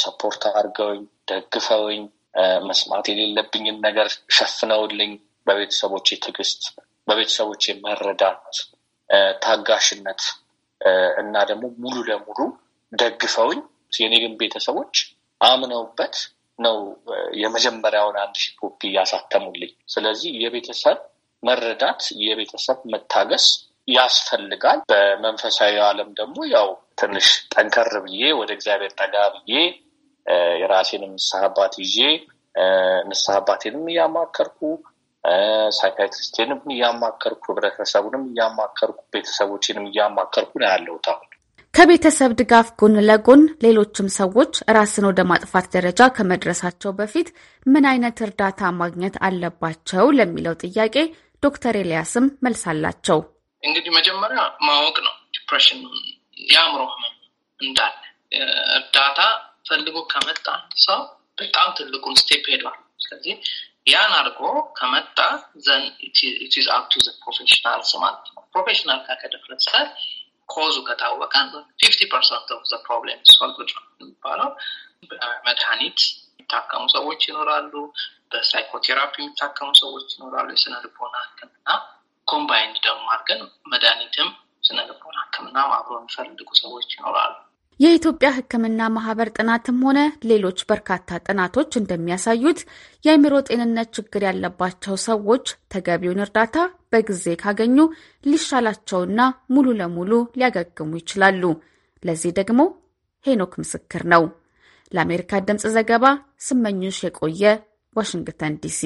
ሰፖርት አድርገውኝ ደግፈውኝ መስማት የሌለብኝን ነገር ሸፍነውልኝ በቤተሰቦቼ ትዕግስት፣ በቤተሰቦቼ መረዳት፣ ታጋሽነት እና ደግሞ ሙሉ ለሙሉ ደግፈውኝ የኔ ግን ቤተሰቦች አምነውበት ነው የመጀመሪያውን አንድ ሺህ ኮፒ ያሳተሙልኝ። ስለዚህ የቤተሰብ መረዳት፣ የቤተሰብ መታገስ ያስፈልጋል። በመንፈሳዊ ዓለም ደግሞ ያው ትንሽ ጠንከር ብዬ ወደ እግዚአብሔር ጠጋ ብዬ የራሴንም ንስሐ አባት ይዤ ንስሐ አባቴንም እያማከርኩ ሳይካትሪስቴንም እያማከርኩ ህብረተሰቡንም እያማከርኩ ቤተሰቦችንም እያማከርኩ ነው ያለሁት አሁን። ከቤተሰብ ድጋፍ ጎን ለጎን ሌሎችም ሰዎች ራስን ወደ ማጥፋት ደረጃ ከመድረሳቸው በፊት ምን አይነት እርዳታ ማግኘት አለባቸው ለሚለው ጥያቄ ዶክተር ኤልያስም መልስ አላቸው። እንግዲህ መጀመሪያ ማወቅ ነው ዲፕሬሽን የአእምሮ ህመም እንዳለ እርዳታ ፈልጎ ከመጣ ሰው በጣም ትልቁን ስቴፕ ሄዷል። ስለዚህ ያን አድርጎ ከመጣ ዘን ኢትዝ አፕ ዘ ፕሮፌሽናል ማለት ነው። ፕሮፌሽናል ከከደፍረት ኮዙ ከታወቀ ፊፍቲ ፐርሰንት ኦፍ ዘ ፕሮብሌም ሶልቭድ ነው የሚባለው። በመድኃኒት የሚታከሙ ሰዎች ይኖራሉ። በሳይኮቴራፒ የሚታከሙ ሰዎች ይኖራሉ። የስነ ልቦና ህክምና ኮምባይንድ ደግሞ አድርገን መድኃኒትም ስነልቦና ሕክምና አብሮ የሚፈልጉ ሰዎች ይኖራሉ። የኢትዮጵያ ሕክምና ማህበር ጥናትም ሆነ ሌሎች በርካታ ጥናቶች እንደሚያሳዩት የአእምሮ ጤንነት ችግር ያለባቸው ሰዎች ተገቢውን እርዳታ በጊዜ ካገኙ ሊሻላቸውና ሙሉ ለሙሉ ሊያገግሙ ይችላሉ። ለዚህ ደግሞ ሄኖክ ምስክር ነው። ለአሜሪካ ድምፅ ዘገባ ስመኝሽ የቆየ ዋሽንግተን ዲሲ።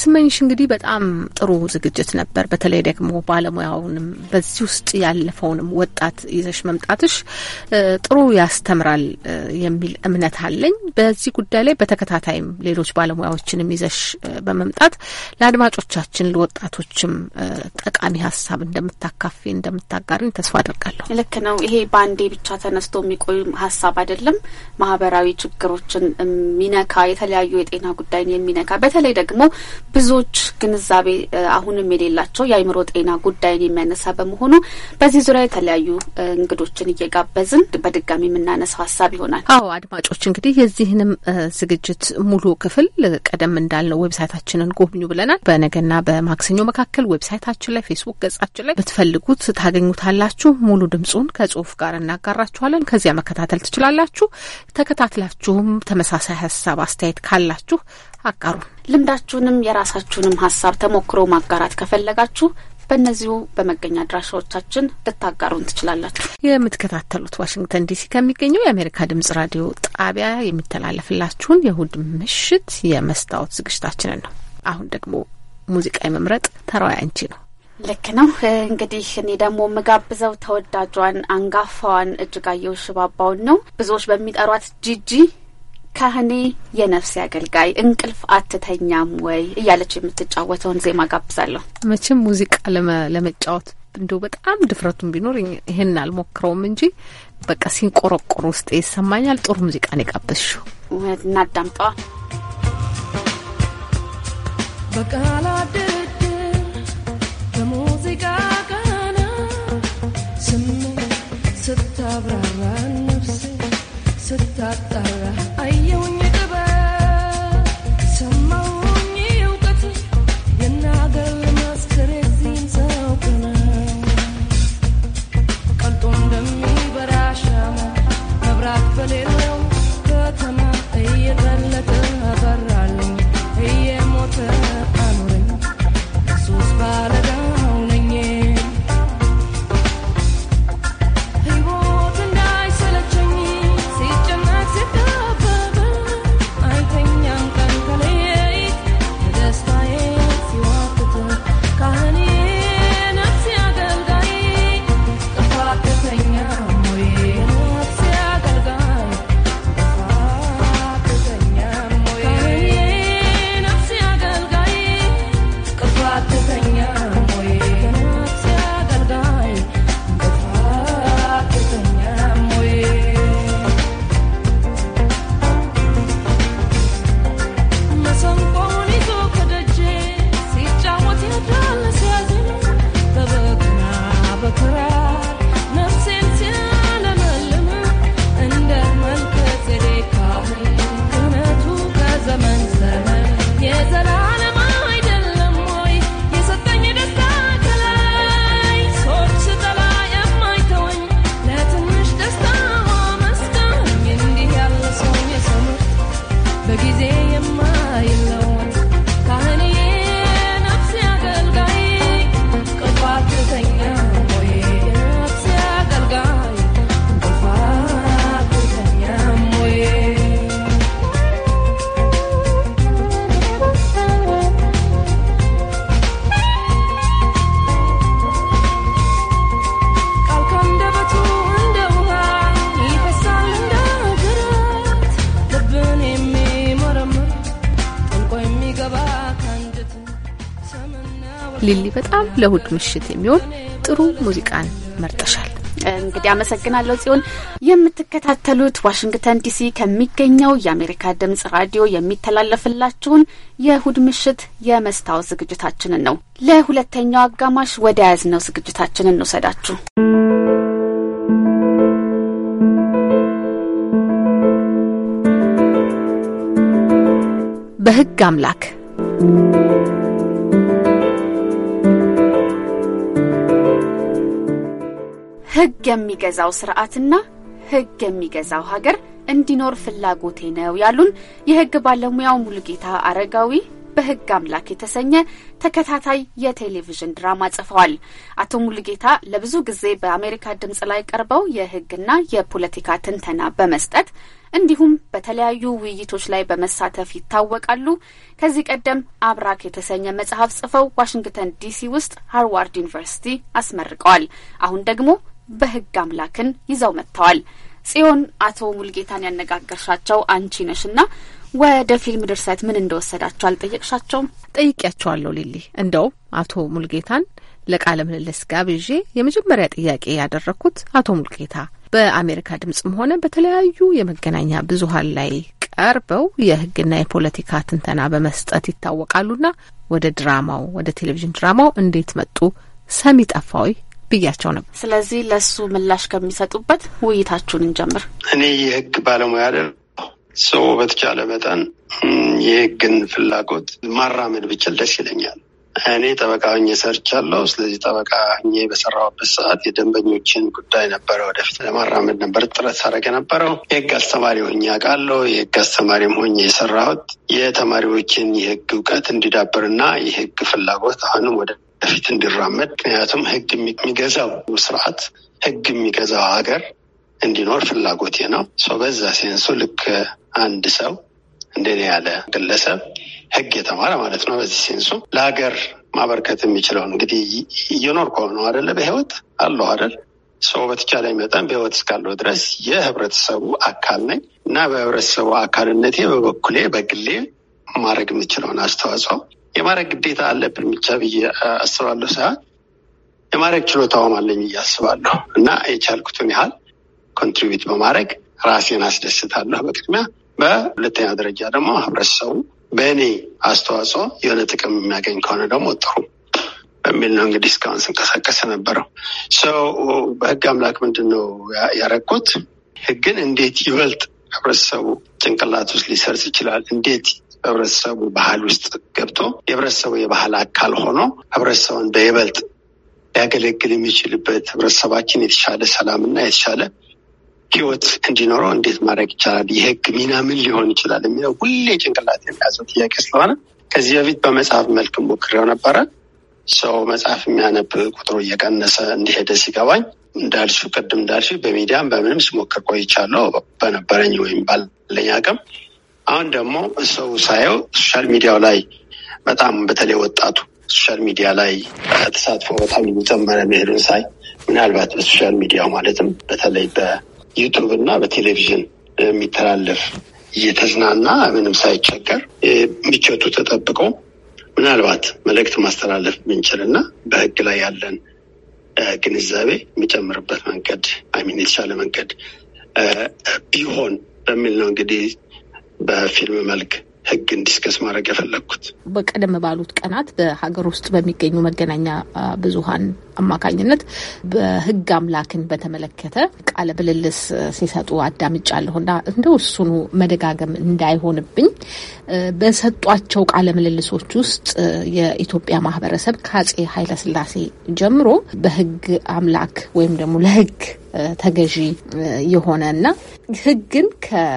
ስመኝሽ እንግዲህ በጣም ጥሩ ዝግጅት ነበር። በተለይ ደግሞ ባለሙያውንም በዚህ ውስጥ ያለፈውንም ወጣት ይዘሽ መምጣትሽ ጥሩ ያስተምራል የሚል እምነት አለኝ። በዚህ ጉዳይ ላይ በተከታታይም ሌሎች ባለሙያዎችንም ይዘሽ በመምጣት ለአድማጮቻችን ለወጣቶችም ጠቃሚ ሀሳብ እንደምታካፊ እንደምታጋርኝ ተስፋ አድርጋለሁ። ልክ ነው። ይሄ በአንዴ ብቻ ተነስቶ የሚቆይ ሀሳብ አይደለም። ማህበራዊ ችግሮችን የሚነካ የተለያዩ የጤና ጉዳይን የሚነካ በተለይ ደግሞ ብዙዎች ግንዛቤ አሁንም የሌላቸው የአይምሮ ጤና ጉዳይን የሚያነሳ በመሆኑ በዚህ ዙሪያ የተለያዩ እንግዶችን እየጋበዝን በድጋሚ የምናነሳው ሀሳብ ይሆናል። አዎ አድማጮች እንግዲህ የዚህንም ዝግጅት ሙሉ ክፍል ቀደም እንዳልነው ዌብሳይታችንን ጎብኙ ብለናል። በነገና በማክሰኞ መካከል ዌብሳይታችን ላይ ፌስቡክ ገጻችን ላይ ብትፈልጉት ታገኙታላችሁ። ሙሉ ድምጹን ከጽሁፍ ጋር እናጋራችኋለን። ከዚያ መከታተል ትችላላችሁ። ተከታትላችሁም ተመሳሳይ ሀሳብ አስተያየት ካላችሁ አጋሩ ልምዳችሁንም የራሳችሁንም ሀሳብ ተሞክሮ ማጋራት ከፈለጋችሁ በእነዚሁ በመገኛ አድራሻዎቻችን ልታጋሩን ትችላላችሁ። የምትከታተሉት ዋሽንግተን ዲሲ ከሚገኘው የአሜሪካ ድምጽ ራዲዮ ጣቢያ የሚተላለፍላችሁን የእሁድ ምሽት የመስታወት ዝግጅታችንን ነው። አሁን ደግሞ ሙዚቃ የመምረጥ ተራዋ አንቺ ነው። ልክ ነው። እንግዲህ እኔ ደግሞ የምጋብዘው ተወዳጇን አንጋፋዋን እጅጋየሁ ሽባባውን ነው። ብዙዎች በሚጠሯት ጂጂ ካህኔ የነፍሴ አገልጋይ እንቅልፍ አትተኛም ወይ እያለች የምትጫወተውን ዜማ ጋብዛለሁ። መቼም ሙዚቃ ለመጫወት እንዲ በጣም ድፍረቱን ቢኖር ይሄን አልሞክረውም እንጂ በቃ ሲንቆረቆር ውስጥ ይሰማኛል። ጥሩ ሙዚቃ ነው የጋበዝሽው። እናዳምጠዋ በቃላ ስታብራራ ነፍሴ ስታጣ happening. ለእሁድ ምሽት የሚሆን ጥሩ ሙዚቃን መርጠሻል። እንግዲህ አመሰግናለሁ ጽዮን። የምትከታተሉት ዋሽንግተን ዲሲ ከሚገኘው የአሜሪካ ድምጽ ራዲዮ የሚተላለፍላችሁን የእሁድ ምሽት የመስታወት ዝግጅታችንን ነው። ለሁለተኛው አጋማሽ ወደ ያዝነው ዝግጅታችንን እንውሰዳችሁ። በሕግ አምላክ ህግ የሚገዛው ስርዓትና ህግ የሚገዛው ሀገር እንዲኖር ፍላጎቴ ነው ያሉን የህግ ባለሙያው ሙሉጌታ አረጋዊ በህግ አምላክ የተሰኘ ተከታታይ የቴሌቪዥን ድራማ ጽፈዋል። አቶ ሙሉጌታ ለብዙ ጊዜ በአሜሪካ ድምጽ ላይ ቀርበው የህግና የፖለቲካ ትንተና በመስጠት እንዲሁም በተለያዩ ውይይቶች ላይ በመሳተፍ ይታወቃሉ። ከዚህ ቀደም አብራክ የተሰኘ መጽሐፍ ጽፈው ዋሽንግተን ዲሲ ውስጥ ሃርዋርድ ዩኒቨርሲቲ አስመርቀዋል። አሁን ደግሞ በህግ አምላክን ይዘው መጥተዋል። ጽዮን አቶ ሙልጌታን ያነጋገርሻቸው አንቺ ነሽና ወደ ፊልም ድርሰት ምን እንደወሰዳቸው አልጠየቅሻቸውም? ጠይቄያቸዋለሁ ሊሊ። እንደውም አቶ ሙልጌታን ለቃለ ምልልስ ጋብዤ የመጀመሪያ ጥያቄ ያደረግኩት አቶ ሙልጌታ በአሜሪካ ድምጽም ሆነ በተለያዩ የመገናኛ ብዙኃን ላይ ቀርበው የህግና የፖለቲካ ትንተና በመስጠት ይታወቃሉና ወደ ድራማው ወደ ቴሌቪዥን ድራማው እንዴት መጡ? ሰሚ ጠፋ ወይ ብያቸው ነበር። ስለዚህ ለሱ ምላሽ ከሚሰጡበት ውይይታችሁን እንጀምር። እኔ የህግ ባለሙያ አይደለም። ሰው በተቻለ መጠን የህግን ፍላጎት ማራመድ ብችል ደስ ይለኛል። እኔ ጠበቃ ሆኜ ሰርቻለሁ። ስለዚህ ጠበቃ ሆኜ በሰራሁበት ሰዓት የደንበኞችን ጉዳይ ነበረ ወደፊት ለማራመድ ነበር ጥረት ሳደርግ ነበረው። የህግ አስተማሪ ሆኜ አውቃለሁ። የህግ አስተማሪም ሆኜ የሰራሁት የተማሪዎችን የህግ እውቀት እንዲዳብርና የህግ ፍላጎት አሁንም ወደ ፊት እንዲራመድ ምክንያቱም ህግ የሚገዛው ስርዓት ህግ የሚገዛው ሀገር እንዲኖር ፍላጎቴ ነው። በዛ ሴንሱ ልክ አንድ ሰው እንደኔ ያለ ግለሰብ ህግ የተማረ ማለት ነው። በዚህ ሴንሱ ለሀገር ማበርከት የሚችለው እንግዲህ እየኖር ከሆነ አደለ፣ በህይወት አለ አደል። ሰው በተቻለ መጠን በህይወት እስካለው ድረስ የህብረተሰቡ አካል ነኝ እና በህብረተሰቡ አካልነቴ በበኩሌ በግሌ ማድረግ የምችለውን አስተዋጽኦ የማድረግ ግዴታ አለብን ብቻ ብዬ አስባለሁ ሳይሆን የማድረግ ችሎታውም አለኝ ብዬ አስባለሁ እና የቻልኩትን ያህል ኮንትሪቢዩት በማድረግ ራሴን አስደስታለሁ በቅድሚያ። በሁለተኛ ደረጃ ደግሞ ህብረተሰቡ በእኔ አስተዋጽኦ የሆነ ጥቅም የሚያገኝ ከሆነ ደግሞ ጥሩ በሚል ነው እንግዲህ እስካሁን ስንቀሳቀስ ነበረው ሰው በህግ አምላክ ምንድን ነው ያረኩት? ህግን እንዴት ይበልጥ ህብረተሰቡ ጭንቅላት ውስጥ ሊሰርጽ ይችላል፣ እንዴት ህብረተሰቡ ባህል ውስጥ ገብቶ የህብረተሰቡ የባህል አካል ሆኖ ህብረተሰቡን በይበልጥ ሊያገለግል የሚችልበት ህብረተሰባችን የተሻለ ሰላምና የተሻለ ህይወት እንዲኖረው እንዴት ማድረግ ይቻላል? የህግ ሚና ምን ሊሆን ይችላል? የሚለው ሁሌ ጭንቅላት የሚያዘው ጥያቄ ስለሆነ ከዚህ በፊት በመጽሐፍ መልክ ሞክሬው ነበረ። ሰው መጽሐፍ የሚያነብ ቁጥሩ እየቀነሰ እንደሄደ ሲገባኝ እንዳልሱ ቅድም እንዳልሱ በሚዲያም በምንም ስሞክር ቆይቻለሁ። በነበረኝ ወይም ባለኝ አቅም አሁን ደግሞ ሰው ሳየው ሶሻል ሚዲያው ላይ በጣም በተለይ ወጣቱ ሶሻል ሚዲያ ላይ ተሳትፎ በጣም እየጨመረ መሄዱን ሳይ ምናልባት በሶሻል ሚዲያው ማለትም በተለይ በዩቱብ እና በቴሌቪዥን የሚተላለፍ እየተዝናና ምንም ሳይቸገር ምቾቱ ተጠብቆ ምናልባት መልእክት ማስተላለፍ ብንችል እና በህግ ላይ ያለን ግንዛቤ የሚጨምርበት መንገድ አይሚን የተሻለ መንገድ ቢሆን በሚል ነው እንግዲህ በፊልም መልክ ህግ እንዲስከስ ማድረግ የፈለግኩት በቀደም ባሉት ቀናት በሀገር ውስጥ በሚገኙ መገናኛ ብዙሀን አማካኝነት በህግ አምላክን በተመለከተ ቃለ ምልልስ ሲሰጡ አዳምጫለሁ እና እንደው እሱኑ መደጋገም እንዳይሆንብኝ በሰጧቸው ቃለ ምልልሶች ውስጥ የኢትዮጵያ ማህበረሰብ ከአጼ ኃይለስላሴ ጀምሮ በህግ አምላክ ወይም ደግሞ ለህግ ተገዢ የሆነ እና ህግን ከ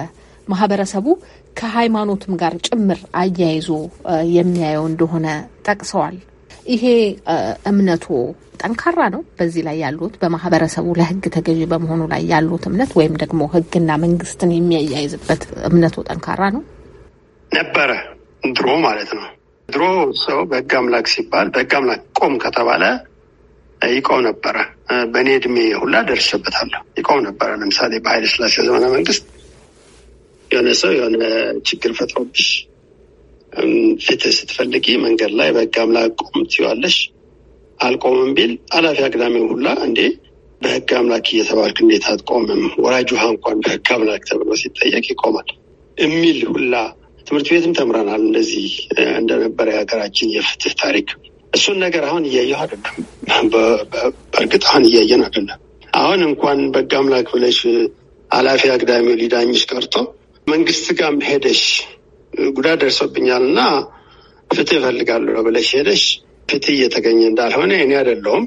ማህበረሰቡ ከሃይማኖትም ጋር ጭምር አያይዞ የሚያየው እንደሆነ ጠቅሰዋል። ይሄ እምነቱ ጠንካራ ነው። በዚህ ላይ ያሉት በማህበረሰቡ ለህግ ተገዢ በመሆኑ ላይ ያሉት እምነት ወይም ደግሞ ህግና መንግስትን የሚያያይዝበት እምነቱ ጠንካራ ነው ነበረ ድሮ ማለት ነው። ድሮ ሰው በህግ አምላክ ሲባል በህግ አምላክ ቆም ከተባለ ይቆም ነበረ። በእኔ እድሜ ሁላ ደርሰበታለሁ። ይቆም ነበረ። ለምሳሌ በኃይለ ስላሴ ዘመነ መንግስት የሆነ ሰው የሆነ ችግር ፈጥሮብሽ ፍትህ ስትፈልጊ መንገድ ላይ በህግ አምላክ ቁም ትዋለሽ። አልቆምም ቢል አላፊ አግዳሚ ሁላ እንዴ በህግ አምላክ እየተባልክ እንዴት አትቆምም? ወራጅ ውሃ እንኳን በህግ አምላክ ተብሎ ሲጠየቅ ይቆማል የሚል ሁላ ትምህርት ቤትም ተምረናል። እንደዚህ እንደነበረ የሀገራችን የፍትህ ታሪክ እሱን ነገር አሁን እያየሁ አይደለም። በእርግጥ አሁን እያየን አይደለም። አሁን እንኳን በህግ አምላክ ብለሽ አላፊ አግዳሚው ሊዳኝሽ ቀርቶ መንግስት ጋር ሄደሽ ጉዳት ደርሶብኛል እና ፍትህ እፈልጋለሁ ብለሽ ሄደሽ ፍትህ እየተገኘ እንዳልሆነ እኔ አይደለሁም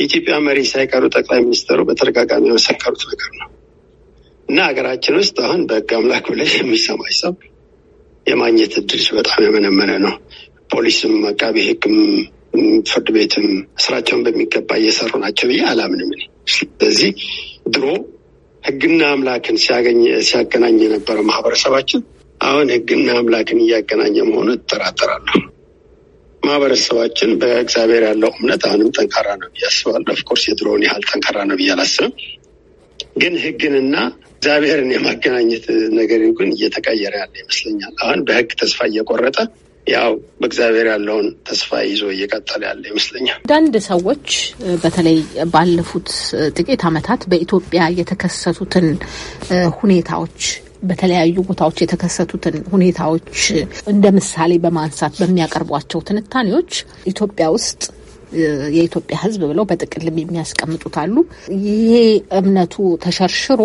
የኢትዮጵያ መሪ ሳይቀሩ ጠቅላይ ሚኒስትሩ በተደጋጋሚ የመሰከሩት ነገር ነው እና ሀገራችን ውስጥ አሁን በህግ አምላክ ብለሽ የሚሰማች ሰው የማግኘት እድልሽ በጣም የመነመነ ነው። ፖሊስም፣ አቃቢ ህግም፣ ፍርድ ቤትም ስራቸውን በሚገባ እየሰሩ ናቸው ብዬ አላምንም። ስለዚህ ድሮ ህግና አምላክን ሲያገናኝ የነበረ ማህበረሰባችን አሁን ህግና አምላክን እያገናኘ መሆኑ እጠራጠራለሁ። ማህበረሰባችን በእግዚአብሔር ያለው እምነት አሁንም ጠንካራ ነው ብዬ አስባለሁ። ኦፍኮርስ የድሮውን ያህል ጠንካራ ነው ብዬ አላስብም። ግን ህግንና እግዚአብሔርን የማገናኘት ነገር ግን እየተቀየረ ያለ ይመስለኛል። አሁን በህግ ተስፋ እየቆረጠ ያው በእግዚአብሔር ያለውን ተስፋ ይዞ እየቀጠለ ያለ ይመስለኛል። አንዳንድ ሰዎች በተለይ ባለፉት ጥቂት ዓመታት በኢትዮጵያ የተከሰቱትን ሁኔታዎች በተለያዩ ቦታዎች የተከሰቱትን ሁኔታዎች እንደ ምሳሌ በማንሳት በሚያቀርቧቸው ትንታኔዎች ኢትዮጵያ ውስጥ የኢትዮጵያ ሕዝብ ብለው በጥቅልም የሚያስቀምጡት አሉ። ይሄ እምነቱ ተሸርሽሮ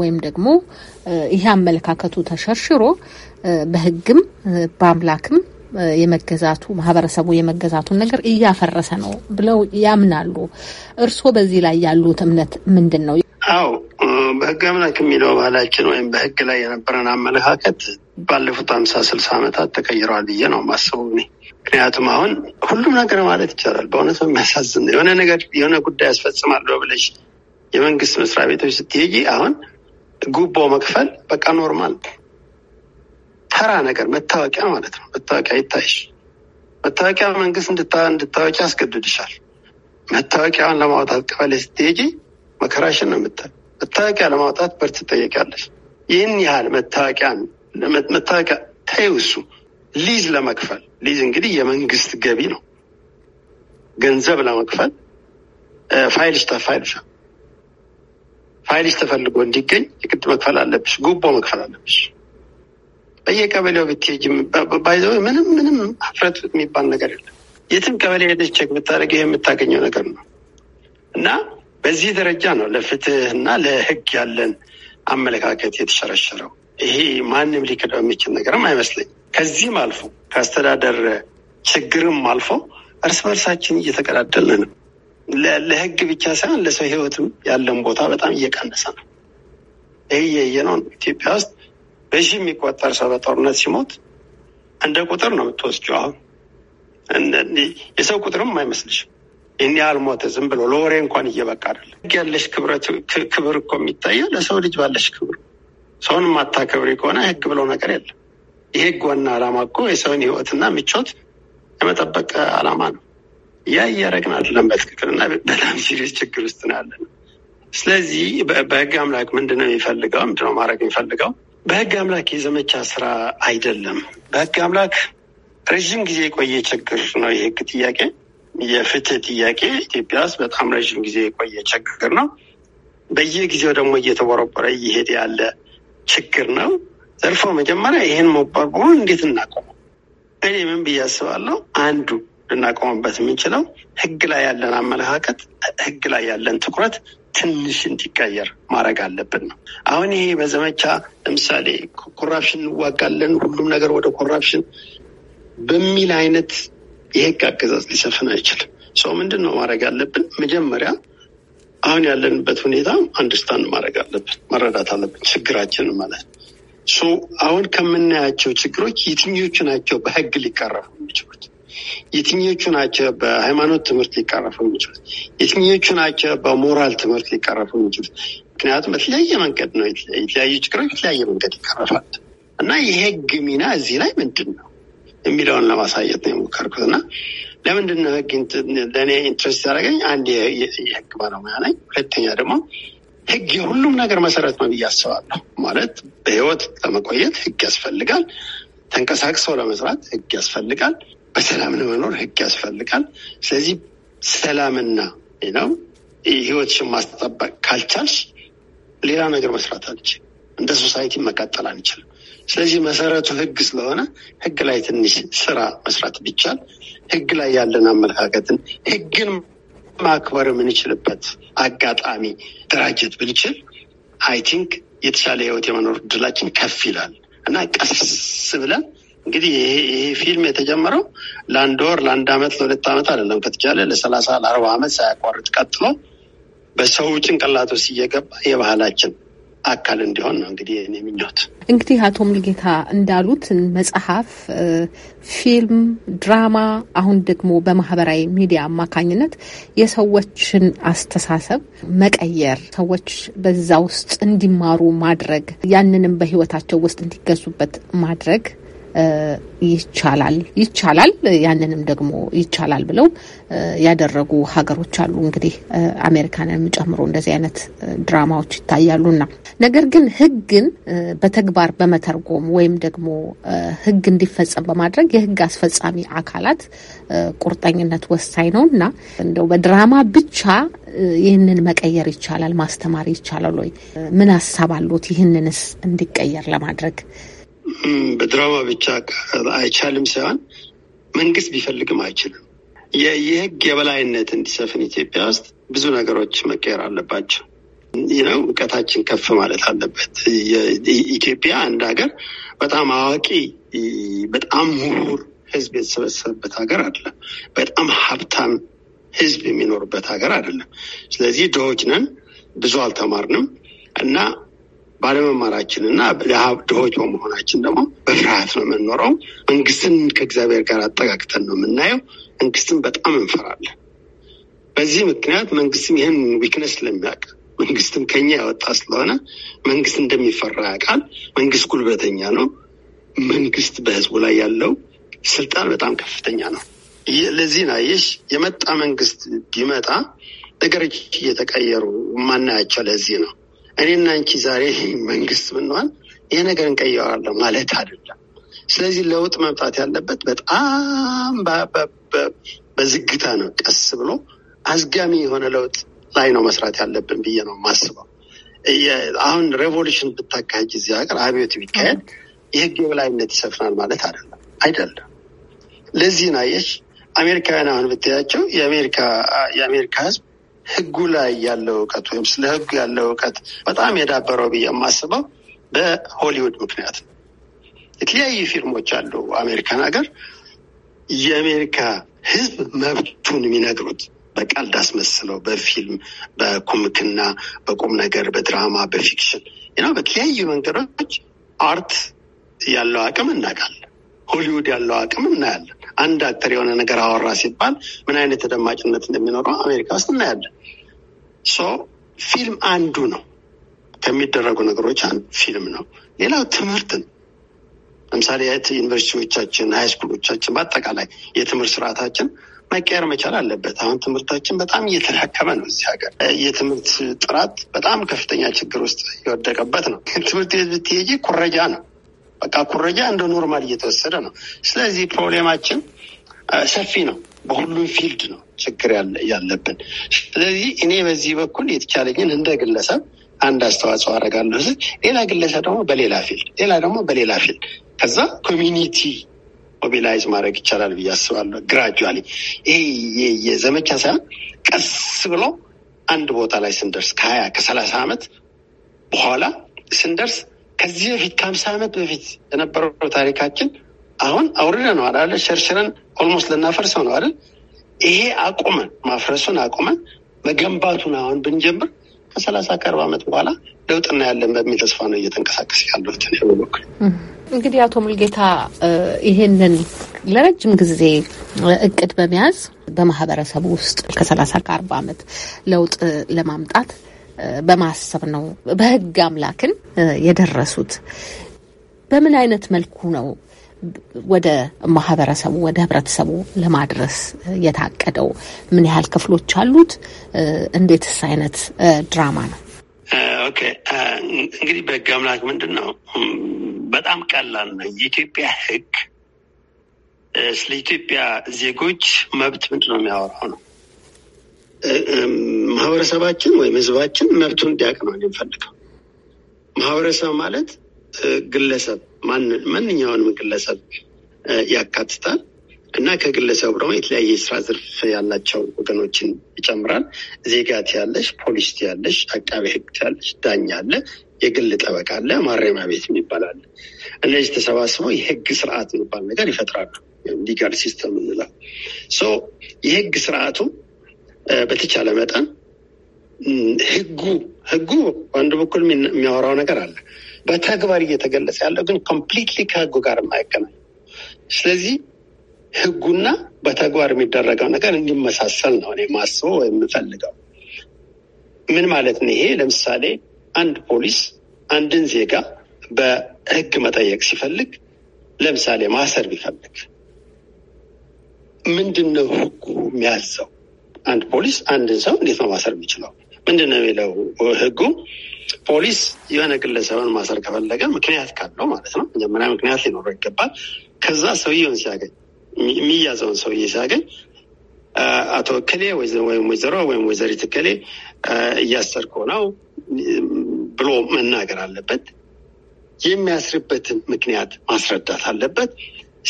ወይም ደግሞ ይሄ አመለካከቱ ተሸርሽሮ በሕግም በአምላክም የመገዛቱ ማህበረሰቡ የመገዛቱን ነገር እያፈረሰ ነው ብለው ያምናሉ። እርስዎ በዚህ ላይ ያሉት እምነት ምንድን ነው? አው በህግ አምላክ የሚለው ባህላችን ወይም በህግ ላይ የነበረን አመለካከት ባለፉት አምሳ ስልሳ ዓመታት ተቀይረዋል ብዬ ነው የማስበው ምክንያቱም አሁን ሁሉም ነገር ማለት ይቻላል በእውነት የሚያሳዝን የሆነ ነገር የሆነ ጉዳይ ያስፈጽማል ብለሽ የመንግስት መስሪያ ቤቶች ስትሄጂ አሁን ጉቦ መክፈል በቃ ኖርማል ተራ ነገር መታወቂያ ማለት ነው። መታወቂያ ይታይሽ። መታወቂያ መንግስት እንድታወቂ ያስገድድሻል። መታወቂያውን ለማውጣት ቀበሌ ስትሄጂ መከራሽን ነው የምታል። መታወቂያ ለማውጣት በር ትጠየቂያለሽ። ይህን ያህል መታወቂያ መታወቂያ ተይው። ሊዝ ለመክፈል ሊዝ እንግዲህ የመንግስት ገቢ ነው። ገንዘብ ለመክፈል ፋይልሽ ተፋይልሻል ፋይልሽ ተፈልጎ እንዲገኝ የግድ መክፈል አለብሽ። ጉቦ መክፈል አለብሽ። በየቀበሌው ብትሄጅ ባይዘው ምንም ምንም ሀፍረት የሚባል ነገር የለም። የትም ቀበሌ ሄደች ቸክ ብታደረግ ይህ የምታገኘው ነገር ነው እና በዚህ ደረጃ ነው ለፍትህ እና ለህግ ያለን አመለካከት የተሸረሸረው። ይሄ ማንም ሊክደው የሚችል ነገርም አይመስለኝ። ከዚህም አልፎ ከአስተዳደር ችግርም አልፎ እርስ በርሳችን እየተቀዳደልን ነው። ለህግ ብቻ ሳይሆን ለሰው ህይወትም ያለን ቦታ በጣም እየቀነሰ ነው። ይህ የየነው ኢትዮጵያ ውስጥ በሺ የሚቆጠር ሰው በጦርነት ሲሞት እንደ ቁጥር ነው የምትወስጂው። የሰው ቁጥርም አይመስልሽም። ይህን ያህል ሞተ ዝም ብሎ ለወሬ እንኳን እየበቃ አይደለም። ህግ ያለሽ ክብር እኮ የሚታየው ለሰው ልጅ ባለሽ ክብር። ሰውን ማታከብሪ ከሆነ ህግ ብሎ ነገር የለም። የህግ ዋና አላማ እኮ የሰውን ህይወትና ምቾት የመጠበቅ አላማ ነው። ያ እያረግን አይደለም በትክክልና በጣም ሲሪስ ችግር ውስጥ ነው ያለን። ስለዚህ በህግ አምላክ ምንድነው የሚፈልገው? ምንድነው ማድረግ የሚፈልገው? በህግ አምላክ የዘመቻ ስራ አይደለም። በህግ አምላክ ረዥም ጊዜ የቆየ ችግር ነው። የህግ ጥያቄ፣ የፍትህ ጥያቄ ኢትዮጵያ ውስጥ በጣም ረዥም ጊዜ የቆየ ችግር ነው። በየጊዜው ደግሞ እየተቦረቦረ እየሄደ ያለ ችግር ነው። ዘርፎ መጀመሪያ ይህን መቦርቦሩን እንዴት እናቆመው? እኔ ምን ብዬ አስባለሁ አንዱ ልናቆምበት የምንችለው ህግ ላይ ያለን አመለካከት፣ ህግ ላይ ያለን ትኩረት ትንሽ እንዲቀየር ማድረግ አለብን ነው። አሁን ይሄ በዘመቻ ለምሳሌ ኮራፕሽን እንዋጋለን፣ ሁሉም ነገር ወደ ኮራፕሽን በሚል አይነት የህግ አገዛዝ ሊሰፍን አይችልም። ሰው ምንድን ነው ማድረግ አለብን መጀመሪያ አሁን ያለንበት ሁኔታ አንድስታንድ ማድረግ አለብን፣ መረዳት አለብን ችግራችንን ማለት ነው። አሁን ከምናያቸው ችግሮች የትኞቹ ናቸው በህግ ሊቀረፉ የሚችሉት? የትኞቹ ናቸው በሃይማኖት ትምህርት ሊቀረፉ የሚችሉት፣ የትኞቹ ናቸው በሞራል ትምህርት ሊቀረፉ የሚችሉት። ምክንያቱም በተለያየ መንገድ ነው የተለያዩ ችግሮች የተለያየ መንገድ ይቀረፋል እና የህግ ሚና እዚህ ላይ ምንድን ነው የሚለውን ለማሳየት ነው የሞከርኩት እና ለምንድን ነው ህግ ለእኔ ኢንትረስት ያደረገኝ አንድ የህግ ባለሙያ ነኝ፣ ሁለተኛ ደግሞ ህግ የሁሉም ነገር መሰረት ነው ብዬ አስባለሁ። ማለት በህይወት ለመቆየት ህግ ያስፈልጋል። ተንቀሳቅሰው ለመስራት ህግ ያስፈልጋል። በሰላም ለመኖር ህግ ያስፈልጋል። ስለዚህ ሰላምና ነው ህይወትሽን ማስጠበቅ ካልቻልሽ ሌላ ነገር መስራት አልችል፣ እንደ ሶሳይቲ መቀጠል አንችልም። ስለዚህ መሰረቱ ህግ ስለሆነ ህግ ላይ ትንሽ ስራ መስራት ቢቻል ህግ ላይ ያለን አመለካከትን ህግን ማክበር የምንችልበት አጋጣሚ ደራጀት ብንችል አይ ቲንክ የተሻለ ህይወት የመኖር እድላችን ከፍ ይላል እና ቀስ ብለን እንግዲህ ይሄ ፊልም የተጀመረው ለአንድ ወር ለአንድ አመት ለሁለት አመት አይደለም። ከተቻለ ለሰላሳ ለአርባ አመት ሳያቋርጥ ቀጥሎ በሰው ጭንቅላት ውስጥ እየገባ የባህላችን አካል እንዲሆን ነው እንግዲህ እኔ እንግዲህ አቶ ሙልጌታ እንዳሉት መጽሐፍ፣ ፊልም፣ ድራማ አሁን ደግሞ በማህበራዊ ሚዲያ አማካኝነት የሰዎችን አስተሳሰብ መቀየር፣ ሰዎች በዛ ውስጥ እንዲማሩ ማድረግ፣ ያንንም በህይወታቸው ውስጥ እንዲገዙበት ማድረግ ይቻላል ይቻላል ያንንም ደግሞ ይቻላል ብለው ያደረጉ ሀገሮች አሉ። እንግዲህ አሜሪካንን ጨምሮ እንደዚህ አይነት ድራማዎች ይታያሉና ነገር ግን ሕግን በተግባር በመተርጎም ወይም ደግሞ ሕግ እንዲፈጸም በማድረግ የሕግ አስፈጻሚ አካላት ቁርጠኝነት ወሳኝ ነው እና እንደው በድራማ ብቻ ይህንን መቀየር ይቻላል ማስተማር ይቻላል ወይ? ምን ሀሳብ አሉት? ይህንንስ እንዲቀየር ለማድረግ በድራማ ብቻ አይቻልም ሳይሆን መንግስት ቢፈልግም አይችልም። የህግ የበላይነት እንዲሰፍን ኢትዮጵያ ውስጥ ብዙ ነገሮች መቀየር አለባቸው። ይህ ነው እውቀታችን ከፍ ማለት አለበት። ኢትዮጵያ አንድ ሀገር በጣም አዋቂ በጣም ምሁር ህዝብ የተሰበሰበበት ሀገር አይደለም። በጣም ሀብታም ህዝብ የሚኖርበት ሀገር አይደለም። ስለዚህ ድሆች ነን፣ ብዙ አልተማርንም እና ባለመማራችን እና ለሀብ ድሆች በመሆናችን ደግሞ በፍርሃት ነው የምንኖረው። መንግስትን ከእግዚአብሔር ጋር አጠቃቅተን ነው የምናየው። መንግስትን በጣም እንፈራለን። በዚህ ምክንያት መንግስትም ይህን ዊክነስ ስለሚያውቅ መንግስትም ከኛ ያወጣ ስለሆነ መንግስት እንደሚፈራ ያውቃል። መንግስት ጉልበተኛ ነው። መንግስት በህዝቡ ላይ ያለው ስልጣን በጣም ከፍተኛ ነው። ለዚህ ናየሽ የመጣ መንግስት ቢመጣ ነገሮች እየተቀየሩ ማናያቸው ለዚህ ነው። እኔና አንቺ ዛሬ መንግስት ብንሆን ይህ ነገር እንቀየዋለሁ ማለት አይደለም። ስለዚህ ለውጥ መምጣት ያለበት በጣም በዝግታ ነው። ቀስ ብሎ አዝጋሚ የሆነ ለውጥ ላይ ነው መስራት ያለብን ብዬ ነው የማስበው። አሁን ሬቮሉሽን ብታካሄጅ እዚህ ሀገር አብዮት ቢካሄድ የህግ የበላይነት ይሰፍናል ማለት አይደለም አይደለም። ለዚህ ናየች አሜሪካውያን አሁን ብታያቸው የአሜሪካ ህዝብ ህጉ ላይ ያለው እውቀት ወይም ስለ ህጉ ያለው እውቀት በጣም የዳበረው ብዬ የማስበው በሆሊውድ ምክንያት ነው። የተለያዩ ፊልሞች አሉ አሜሪካን ሀገር የአሜሪካ ህዝብ መብቱን የሚነግሩት በቀልድ አስመስለው በፊልም በኮሚክና በቁም ነገር በድራማ በፊክሽን ና በተለያዩ መንገዶች አርት ያለው አቅም እናውቃለን። ሆሊውድ ያለው አቅም እናያለን። አንድ አክተር የሆነ ነገር አወራ ሲባል ምን አይነት ተደማጭነት እንደሚኖረው አሜሪካ ውስጥ እናያለን። ሶ ፊልም አንዱ ነው ከሚደረጉ ነገሮች አንዱ ፊልም ነው። ሌላው ትምህርት ነው። ለምሳሌ ዩኒቨርሲቲዎቻችን፣ ሃይስኩሎቻችን በአጠቃላይ የትምህርት ስርዓታችን መቀየር መቻል አለበት። አሁን ትምህርታችን በጣም እየተዳከመ ነው። እዚህ ሀገር የትምህርት ጥራት በጣም ከፍተኛ ችግር ውስጥ የወደቀበት ነው። ትምህርት ቤት ብትሄጂ ኩረጃ ነው። በቃ ኩረጃ እንደ ኖርማል እየተወሰደ ነው። ስለዚህ ፕሮብሌማችን ሰፊ ነው። በሁሉም ፊልድ ነው ችግር ያለብን። ስለዚህ እኔ በዚህ በኩል የተቻለኝን እንደ ግለሰብ አንድ አስተዋጽኦ አደርጋለሁ ሌላ ግለሰብ ደግሞ በሌላ ፊልድ፣ ሌላ ደግሞ በሌላ ፊልድ ከዛ ኮሚኒቲ ሞቢላይዝ ማድረግ ይቻላል ብዬ አስባለሁ። ግራጁዋሊ ይሄ የዘመቻ ሳይሆን ቀስ ብሎ አንድ ቦታ ላይ ስንደርስ ከሀያ ከሰላሳ ዓመት በኋላ ስንደርስ ከዚህ በፊት ከሀምሳ ዓመት በፊት የነበረው ታሪካችን አሁን ነው አለ ሸርሽረን ኦልሞስት ልናፈርሰው ነው አይደል? ይሄ አቁመን ማፍረሱን አቁመን መገንባቱን አሁን ብንጀምር ከሰላሳ ከአርባ ዓመት በኋላ ለውጥ እናያለን በሚል ተስፋ ነው እየተንቀሳቀስ ያሉት። በበኩል እንግዲህ አቶ ሙልጌታ ይሄንን ለረጅም ጊዜ እቅድ በመያዝ በማህበረሰቡ ውስጥ ከሰላሳ ከአርባ ዓመት ለውጥ ለማምጣት በማሰብ ነው በህግ አምላክን የደረሱት። በምን አይነት መልኩ ነው ወደ ማህበረሰቡ ወደ ህብረተሰቡ ለማድረስ የታቀደው? ምን ያህል ክፍሎች አሉት? እንዴትስ አይነት ድራማ ነው? ኦኬ እንግዲህ በህግ አምላክ ምንድን ነው? በጣም ቀላል ነው። የኢትዮጵያ ህግ ስለ ኢትዮጵያ ዜጎች መብት ምንድን ነው የሚያወራው ነው ማህበረሰባችን ወይም ህዝባችን መብቱን እንዲያውቅ ነው የምፈልገው። ማህበረሰብ ማለት ግለሰብ ማንኛውንም ግለሰብ ያካትታል እና ከግለሰቡ ደግሞ የተለያየ ስራ ዘርፍ ያላቸው ወገኖችን ይጨምራል። ዜጋ ትያለሽ፣ ፖሊስ ትያለሽ፣ አቃቤ ህግ ትያለሽ፣ ዳኛ አለ፣ የግል ጠበቃ አለ፣ ማረሚያ ቤት የሚባል አለ። እነዚህ ተሰባስበው የህግ ስርዓት የሚባል ነገር ይፈጥራሉ። ሊጋል ሲስተም እንላል። የህግ ስርዓቱ በተቻለ መጠን ህጉ ህጉ በአንድ በኩል የሚያወራው ነገር አለ፣ በተግባር እየተገለጸ ያለው ግን ኮምፕሊትሊ ከህጉ ጋር የማይገናኝ ስለዚህ ህጉና በተግባር የሚደረገው ነገር እንዲመሳሰል ነው እኔ ማስበው ወይም የምፈልገው። ምን ማለት ነው ይሄ? ለምሳሌ አንድ ፖሊስ አንድን ዜጋ በህግ መጠየቅ ሲፈልግ፣ ለምሳሌ ማሰር ቢፈልግ ምንድን ነው ህጉ የሚያዘው? አንድ ፖሊስ አንድን ሰው እንዴት ነው ማሰር የሚችለው? ምንድን ነው የሚለው ህጉ? ፖሊስ የሆነ ግለሰብን ማሰር ከፈለገ ምክንያት ካለው ማለት ነው መጀመሪያ ምክንያት ሊኖረው ይገባል። ከዛ ሰውየውን ሲያገኝ የሚያዘውን ሰውዬ ሲያገኝ አቶ እከሌ ወይም ወይዘሮ ወይም ወይዘሪት እከሌ እያሰርኩ ነው ብሎ መናገር አለበት። የሚያስርበትን ምክንያት ማስረዳት አለበት።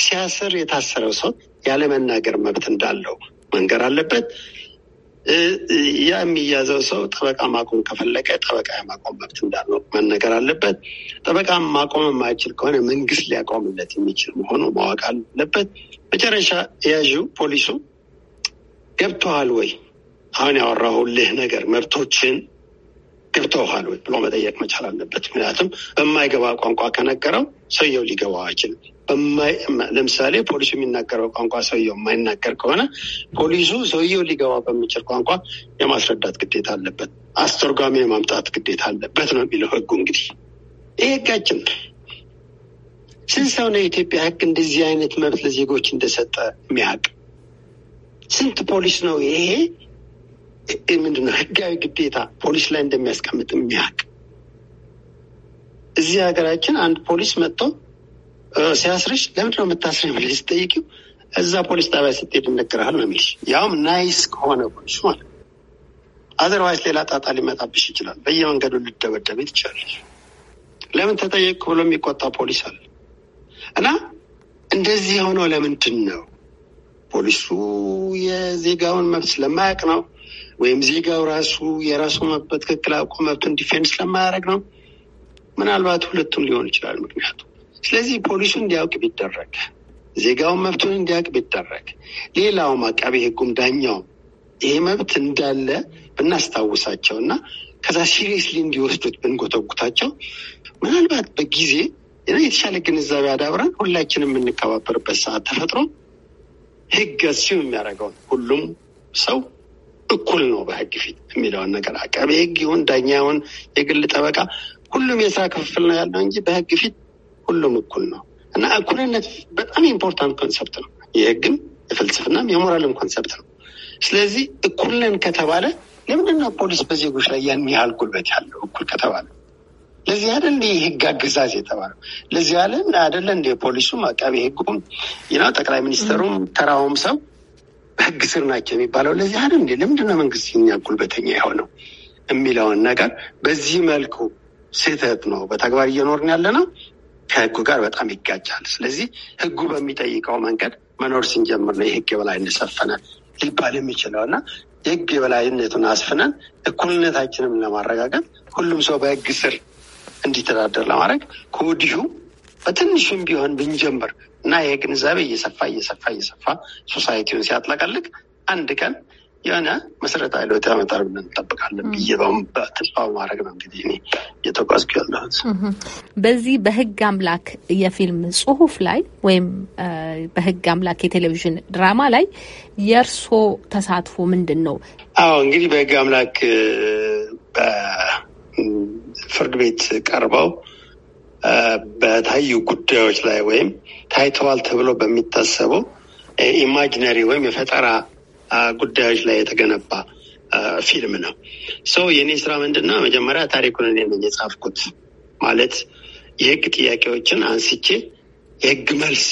ሲያስር የታሰረው ሰው ያለመናገር መብት እንዳለው መንገር አለበት። ያ የሚያዘው ሰው ጠበቃ ማቆም ከፈለገ ጠበቃ የማቆም መብት እንዳለው መነገር አለበት። ጠበቃ ማቆም የማይችል ከሆነ መንግስት ሊያቆምለት የሚችል መሆኑ ማወቅ አለበት። መጨረሻ የያዥው ፖሊሱ ገብተዋል ወይ አሁን ያወራሁልህ ነገር መብቶችን ገብተውሃል ወይ ብሎ መጠየቅ መቻል አለበት። ምክንያቱም በማይገባ ቋንቋ ከነገረው ሰውየው ሊገባው አይችልም። ለምሳሌ ፖሊሱ የሚናገረው ቋንቋ ሰውየው የማይናገር ከሆነ ፖሊሱ ሰውየው ሊገባ በሚችል ቋንቋ የማስረዳት ግዴታ አለበት፣ አስተርጓሚ የማምጣት ግዴታ አለበት ነው የሚለው ህጉ። እንግዲህ ይህ ህጋችን ስንት ሰው ነው የኢትዮጵያ ህግ እንደዚህ አይነት መብት ለዜጎች እንደሰጠ የሚያውቅ? ስንት ፖሊስ ነው ይሄ ምንድነው ህጋዊ ግዴታ ፖሊስ ላይ እንደሚያስቀምጥ የሚያውቅ? እዚህ ሀገራችን አንድ ፖሊስ መጥቶ ሲያስርሽ ለምንድን ነው የምታስርሽ ብለሽ ስጠይቂው እዛ ፖሊስ ጣቢያ ስትሄድ ይነገርሃል ነው የሚልሽ። ያውም ናይስ ከሆነ ፖሊስ ማለት አዘርዋይስ ሌላ ጣጣ ሊመጣብሽ ይችላል። በየመንገዱ ልደበደብ ትችላለሽ። ለምን ተጠየቅ ብሎ የሚቆጣ ፖሊስ አለ እና እንደዚህ የሆነው ለምንድን ነው? ፖሊሱ የዜጋውን መብት ስለማያውቅ ነው ወይም ዜጋው ራሱ የራሱ መብት በትክክል አውቆ መብቱን ዲፌንስ ስለማያደርግ ነው። ምናልባት ሁለቱም ሊሆን ይችላል ምክንያቱ ስለዚህ ፖሊሱ እንዲያውቅ ቢደረግ፣ ዜጋውን መብቱን እንዲያውቅ ቢደረግ፣ ሌላውም አቃቢ ህጉም ዳኛውም ይሄ መብት እንዳለ ብናስታውሳቸው እና ከዛ ሲሪየስሊ እንዲወስዱት ብንጎተጉታቸው ምናልባት በጊዜ የተሻለ ግንዛቤ አዳብረን ሁላችንም የምንከባበርበት ሰዓት ተፈጥሮ ህግ ሲሁ የሚያደርገውን ሁሉም ሰው እኩል ነው በህግ ፊት የሚለውን ነገር አቃቤ ህግ ይሁን ዳኛ ይሁን የግል ጠበቃ ሁሉም የስራ ክፍፍል ነው ያለው እንጂ በህግ ፊት ሁሉም እኩል ነው እና እኩልነት በጣም ኢምፖርታንት ኮንሰፕት ነው። የህግም የፍልስፍናም የሞራልም ኮንሰፕት ነው። ስለዚህ እኩልን ከተባለ ለምንድነው ፖሊስ በዜጎች ላይ ያን ያህል ጉልበት ያለው? እኩል ከተባለ ለዚህ አይደል እንደ የህግ አገዛዝ የተባለው ለዚህ አለ አይደለ እንደ ፖሊሱም አቃቢ ህጉም ይና ጠቅላይ ሚኒስትሩም ተራውም ሰው በህግ ስር ናቸው የሚባለው ለዚህ አይደል እንደ ለምንድነው መንግስት እኛ ጉልበተኛ የሆነው የሚለውን ነገር በዚህ መልኩ ስህተት ነው በተግባር እየኖርን ያለ ነው። ከህጉ ጋር በጣም ይጋጫል። ስለዚህ ህጉ በሚጠይቀው መንገድ መኖር ስንጀምር ነው የህግ የበላይነት ሰፈነ ሊባል የሚችለው እና የህግ የበላይነቱን አስፍነን እኩልነታችንም ለማረጋገጥ ሁሉም ሰው በህግ ስር እንዲተዳደር ለማድረግ ከወዲሁ በትንሹም ቢሆን ብንጀምር እና ይሄ ግንዛቤ እየሰፋ እየሰፋ እየሰፋ ሶሳይቲውን ሲያጥለቀልቅ አንድ ቀን የሆነ መሰረታዊ ለውጥ ያመጣል ብለን እንጠብቃለን ብዬ በተስፋ ማድረግ ነው እንግዲህ እኔ እየተጓዝኩ ያለሁት። በዚህ በህግ አምላክ የፊልም ጽሁፍ ላይ ወይም በህግ አምላክ የቴሌቪዥን ድራማ ላይ የእርሶ ተሳትፎ ምንድን ነው? አዎ እንግዲህ በህግ አምላክ በፍርድ ቤት ቀርበው በታዩ ጉዳዮች ላይ ወይም ታይተዋል ተብሎ በሚታሰበው ኢማጂነሪ ወይም የፈጠራ ጉዳዮች ላይ የተገነባ ፊልም ነው። ሰው የእኔ ስራ ምንድን ነው? መጀመሪያ ታሪኩን እኔ ነኝ የጻፍኩት። ማለት የህግ ጥያቄዎችን አንስቼ የህግ መልስ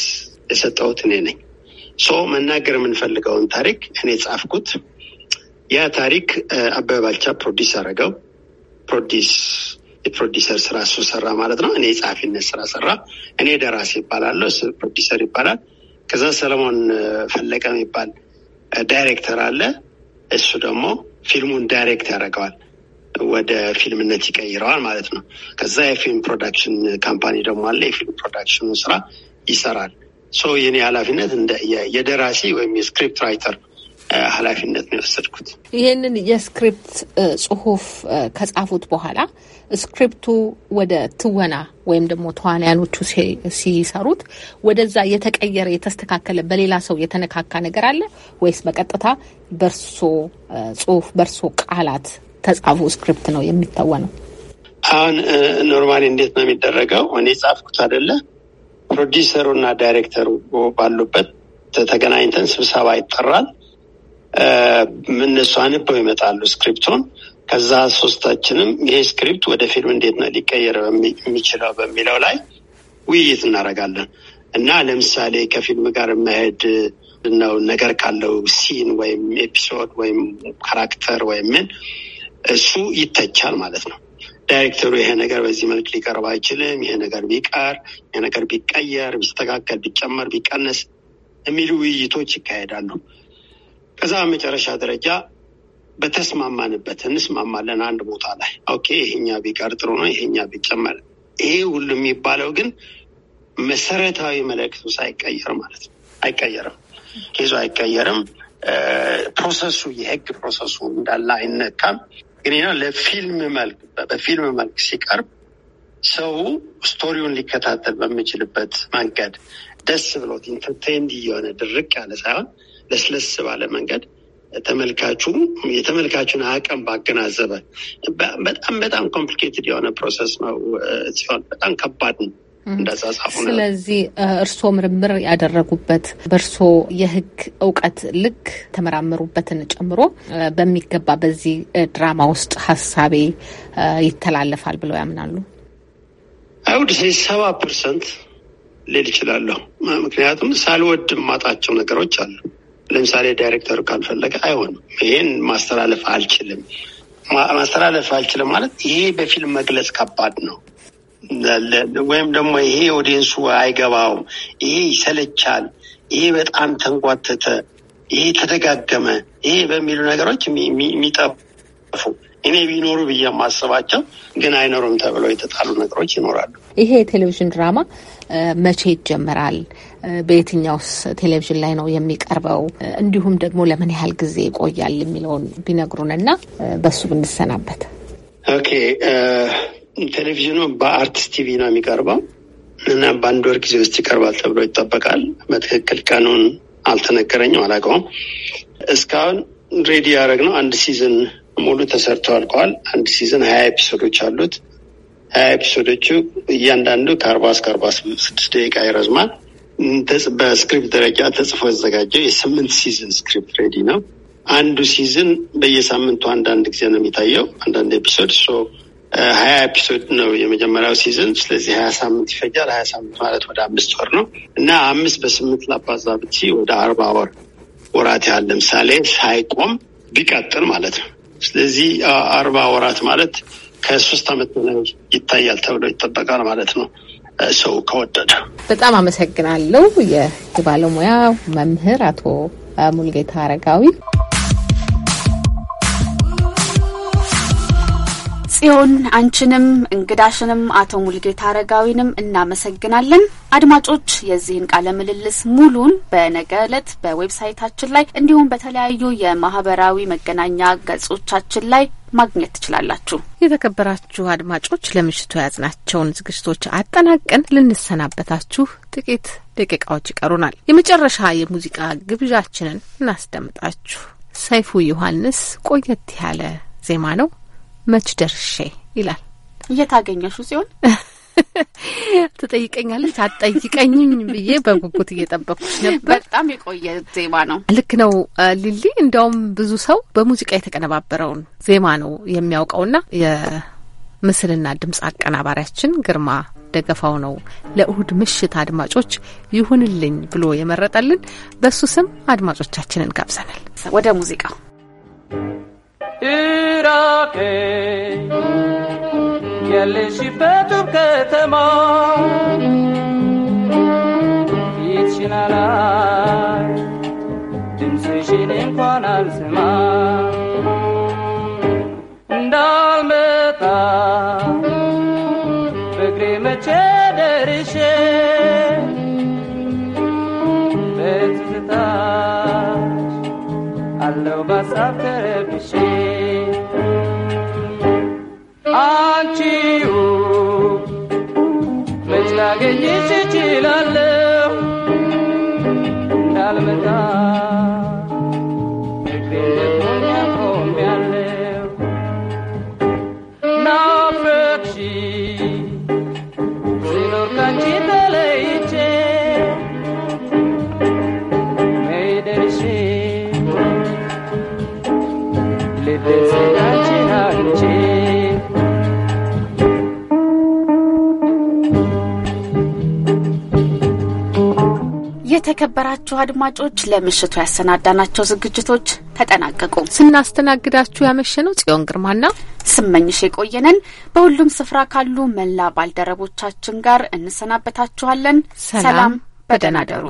የሰጠሁት እኔ ነኝ። ሰው መናገር የምንፈልገውን ታሪክ እኔ ጻፍኩት። ያ ታሪክ አበበ ባልቻ ፕሮዲስ አደረገው። ፕሮዲስ የፕሮዲሰር ስራ እሱ ሰራ ማለት ነው። እኔ የጸሐፊነት ስራ ሰራ። እኔ ደራሲ ይባላለሁ፣ ፕሮዲሰር ይባላል። ከዛ ሰለሞን ፈለቀ የሚባል ዳይሬክተር አለ። እሱ ደግሞ ፊልሙን ዳይሬክት ያደርገዋል፣ ወደ ፊልምነት ይቀይረዋል ማለት ነው። ከዛ የፊልም ፕሮዳክሽን ካምፓኒ ደግሞ አለ። የፊልም ፕሮዳክሽኑ ስራ ይሰራል። ሶ የኔ ኃላፊነት የደራሲ ወይም የስክሪፕት ራይተር ኃላፊነት ነው የወሰድኩት። ይህንን የስክሪፕት ጽሁፍ ከጻፉት በኋላ ስክሪፕቱ ወደ ትወና ወይም ደግሞ ተዋንያኖቹ ሲሰሩት ወደዛ የተቀየረ የተስተካከለ በሌላ ሰው የተነካካ ነገር አለ ወይስ በቀጥታ በርሶ ጽሁፍ በርሶ ቃላት ተጻፉ ስክሪፕት ነው የሚተወነው? አሁን ኖርማሊ እንዴት ነው የሚደረገው? እኔ ጻፍኩት አይደለ ፕሮዲሰሩ እና ዳይሬክተሩ ባሉበት ተገናኝተን ስብሰባ ይጠራል። እነሱ አንበው ይመጣሉ ስክሪፕቱን። ከዛ ሶስታችንም ይሄ ስክሪፕት ወደ ፊልም እንዴት ነው ሊቀየር የሚችለው በሚለው ላይ ውይይት እናደርጋለን እና ለምሳሌ ከፊልም ጋር የማሄድ ነው ነገር ካለው ሲን ወይም ኤፒሶድ ወይም ካራክተር ወይም ምን እሱ ይተቻል ማለት ነው። ዳይሬክተሩ ይሄ ነገር በዚህ መልክ ሊቀርብ አይችልም፣ ይሄ ነገር ቢቀር፣ ይሄ ነገር ቢቀየር፣ ቢስተካከል፣ ቢጨመር፣ ቢቀነስ የሚሉ ውይይቶች ይካሄዳሉ። ከዛ መጨረሻ ደረጃ በተስማማንበት እንስማማለን። አንድ ቦታ ላይ ኦኬ፣ ይሄኛ ቢቀር ጥሩ ነው፣ ይሄኛ ቢጨመር። ይሄ ሁሉ የሚባለው ግን መሰረታዊ መልእክቱ ሳይቀየር ማለት ነው። አይቀየርም፣ ይዞ አይቀየርም። ፕሮሰሱ የህግ ፕሮሰሱ እንዳለ አይነካም። ግን ለፊልም መልክ በፊልም መልክ ሲቀርብ ሰው ስቶሪውን ሊከታተል በሚችልበት መንገድ ደስ ብሎት ኢንተርቴንድ እየሆነ ድርቅ ያለ ሳይሆን ለስለስ ባለ መንገድ ተመልካቹ የተመልካቹን አቅም ባገናዘበ በጣም በጣም ኮምፕሊኬትድ የሆነ ፕሮሰስ ነው ሲሆን በጣም ከባድ ነው። ስለዚህ እርስዎ ምርምር ያደረጉበት በእርስዎ የሕግ እውቀት ልክ ተመራመሩበትን ጨምሮ በሚገባ በዚህ ድራማ ውስጥ ሀሳቤ ይተላለፋል ብለው ያምናሉ? አይሁድ ሰባ ፐርሰንት ልል ይችላለሁ። ምክንያቱም ሳልወድ ማጣቸው ነገሮች አሉ ለምሳሌ ዳይሬክተሩ ካልፈለገ አይሆንም። ይህን ማስተላለፍ አልችልም። ማስተላለፍ አልችልም ማለት ይሄ በፊልም መግለጽ ከባድ ነው ወይም ደግሞ ይሄ ኦዲየንሱ አይገባውም፣ ይሄ ይሰለቻል፣ ይሄ በጣም ተንጓተተ፣ ይሄ ተደጋገመ፣ ይሄ በሚሉ ነገሮች የሚጠፉ እኔ ቢኖሩ ብዬ የማስባቸው ግን አይኖሩም ተብለው የተጣሉ ነገሮች ይኖራሉ። ይሄ የቴሌቪዥን ድራማ መቼ ይጀመራል? በየትኛውስ ቴሌቪዥን ላይ ነው የሚቀርበው፣ እንዲሁም ደግሞ ለምን ያህል ጊዜ ይቆያል የሚለውን ቢነግሩን እና በሱ ብንሰናበት። ኦኬ ቴሌቪዥኑ በአርትስ ቲቪ ነው የሚቀርበው እና በአንድ ወር ጊዜ ውስጥ ይቀርባል ተብሎ ይጠበቃል። በትክክል ቀኑን አልተነገረኝም፣ አላውቀውም። እስካሁን ሬዲ ነው አንድ ሲዝን ሙሉ ተሰርቶ አልቀዋል። አንድ ሲዝን ሀያ ኤፒሶዶች አሉት። ሀያ ኤፒሶዶቹ እያንዳንዱ ከአርባ እስከ አርባ ስድስት ደቂቃ ይረዝማል። በስክሪፕት ደረጃ ተጽፎ ያዘጋጀው የስምንት ሲዝን ስክሪፕት ሬዲ ነው። አንዱ ሲዝን በየሳምንቱ አንዳንድ ጊዜ ነው የሚታየው፣ አንዳንድ ኤፒሶድ ሀያ ኤፒሶድ ነው የመጀመሪያው ሲዝን። ስለዚህ ሀያ ሳምንት ይፈጃል። ሀያ ሳምንት ማለት ወደ አምስት ወር ነው እና አምስት በስምንት ላባዛ ብቺ ወደ አርባ ወር ወራት ያህል ለምሳሌ ሳይቆም ቢቀጥል ማለት ነው። ስለዚህ አርባ ወራት ማለት ከሶስት አመት በላይ ይታያል ተብሎ ይጠበቃል ማለት ነው። ሰው ከወደደ። በጣም አመሰግናለሁ። የባለሙያ መምህር አቶ ሙልጌታ አረጋዊ ጽዮን አንቺንም እንግዳሽንም አቶ ሙልጌታ አረጋዊንም እናመሰግናለን። አድማጮች የዚህን ቃለ ምልልስ ሙሉን በነገ ዕለት በዌብሳይታችን ላይ እንዲሁም በተለያዩ የማህበራዊ መገናኛ ገጾቻችን ላይ ማግኘት ትችላላችሁ። የተከበራችሁ አድማጮች ለምሽቱ የያዝናቸውን ዝግጅቶች አጠናቀን ልንሰናበታችሁ ጥቂት ደቂቃዎች ይቀሩናል። የመጨረሻ የሙዚቃ ግብዣችንን እናስደምጣችሁ። ሰይፉ ዮሐንስ ቆየት ያለ ዜማ ነው። መች ደርሼ ይላል። እየታገኘሹ ሲሆን ትጠይቀኛለች አትጠይቀኝም ብዬ በጉጉት እየጠበኩች ነበር። በጣም የቆየ ዜማ ነው። ልክ ነው ሊሊ። እንዲያውም ብዙ ሰው በሙዚቃ የተቀነባበረውን ዜማ ነው የሚያውቀውና የምስልና ድምፅ አቀናባሪያችን ግርማ ደገፋው ነው ለእሁድ ምሽት አድማጮች ይሁንልኝ ብሎ የመረጠልን። በእሱ ስም አድማጮቻችንን ጋብዘናል ወደ ሙዚቃው ኢራቄ ያለሽበት ውብ ከተማ ፊትሽን አላይ ድምፅሽን እንኳን አልስማ እንዳልመጣ በእግሬ መቼ ደርሼ በትዝታሽ አለው ባሳብ ከረ አንቺው መች ላገኝሽ እችላለሁ የተከበራችሁ አድማጮች ለምሽቱ ያሰናዳናቸው ዝግጅቶች ተጠናቀቁ። ስናስተናግዳችሁ ያመሸነው ጽዮን ግርማና ስመኝሽ የቆየነን በሁሉም ስፍራ ካሉ መላ ባልደረቦቻችን ጋር እንሰናበታችኋለን። ሰላም፣ በደህና ደሩ።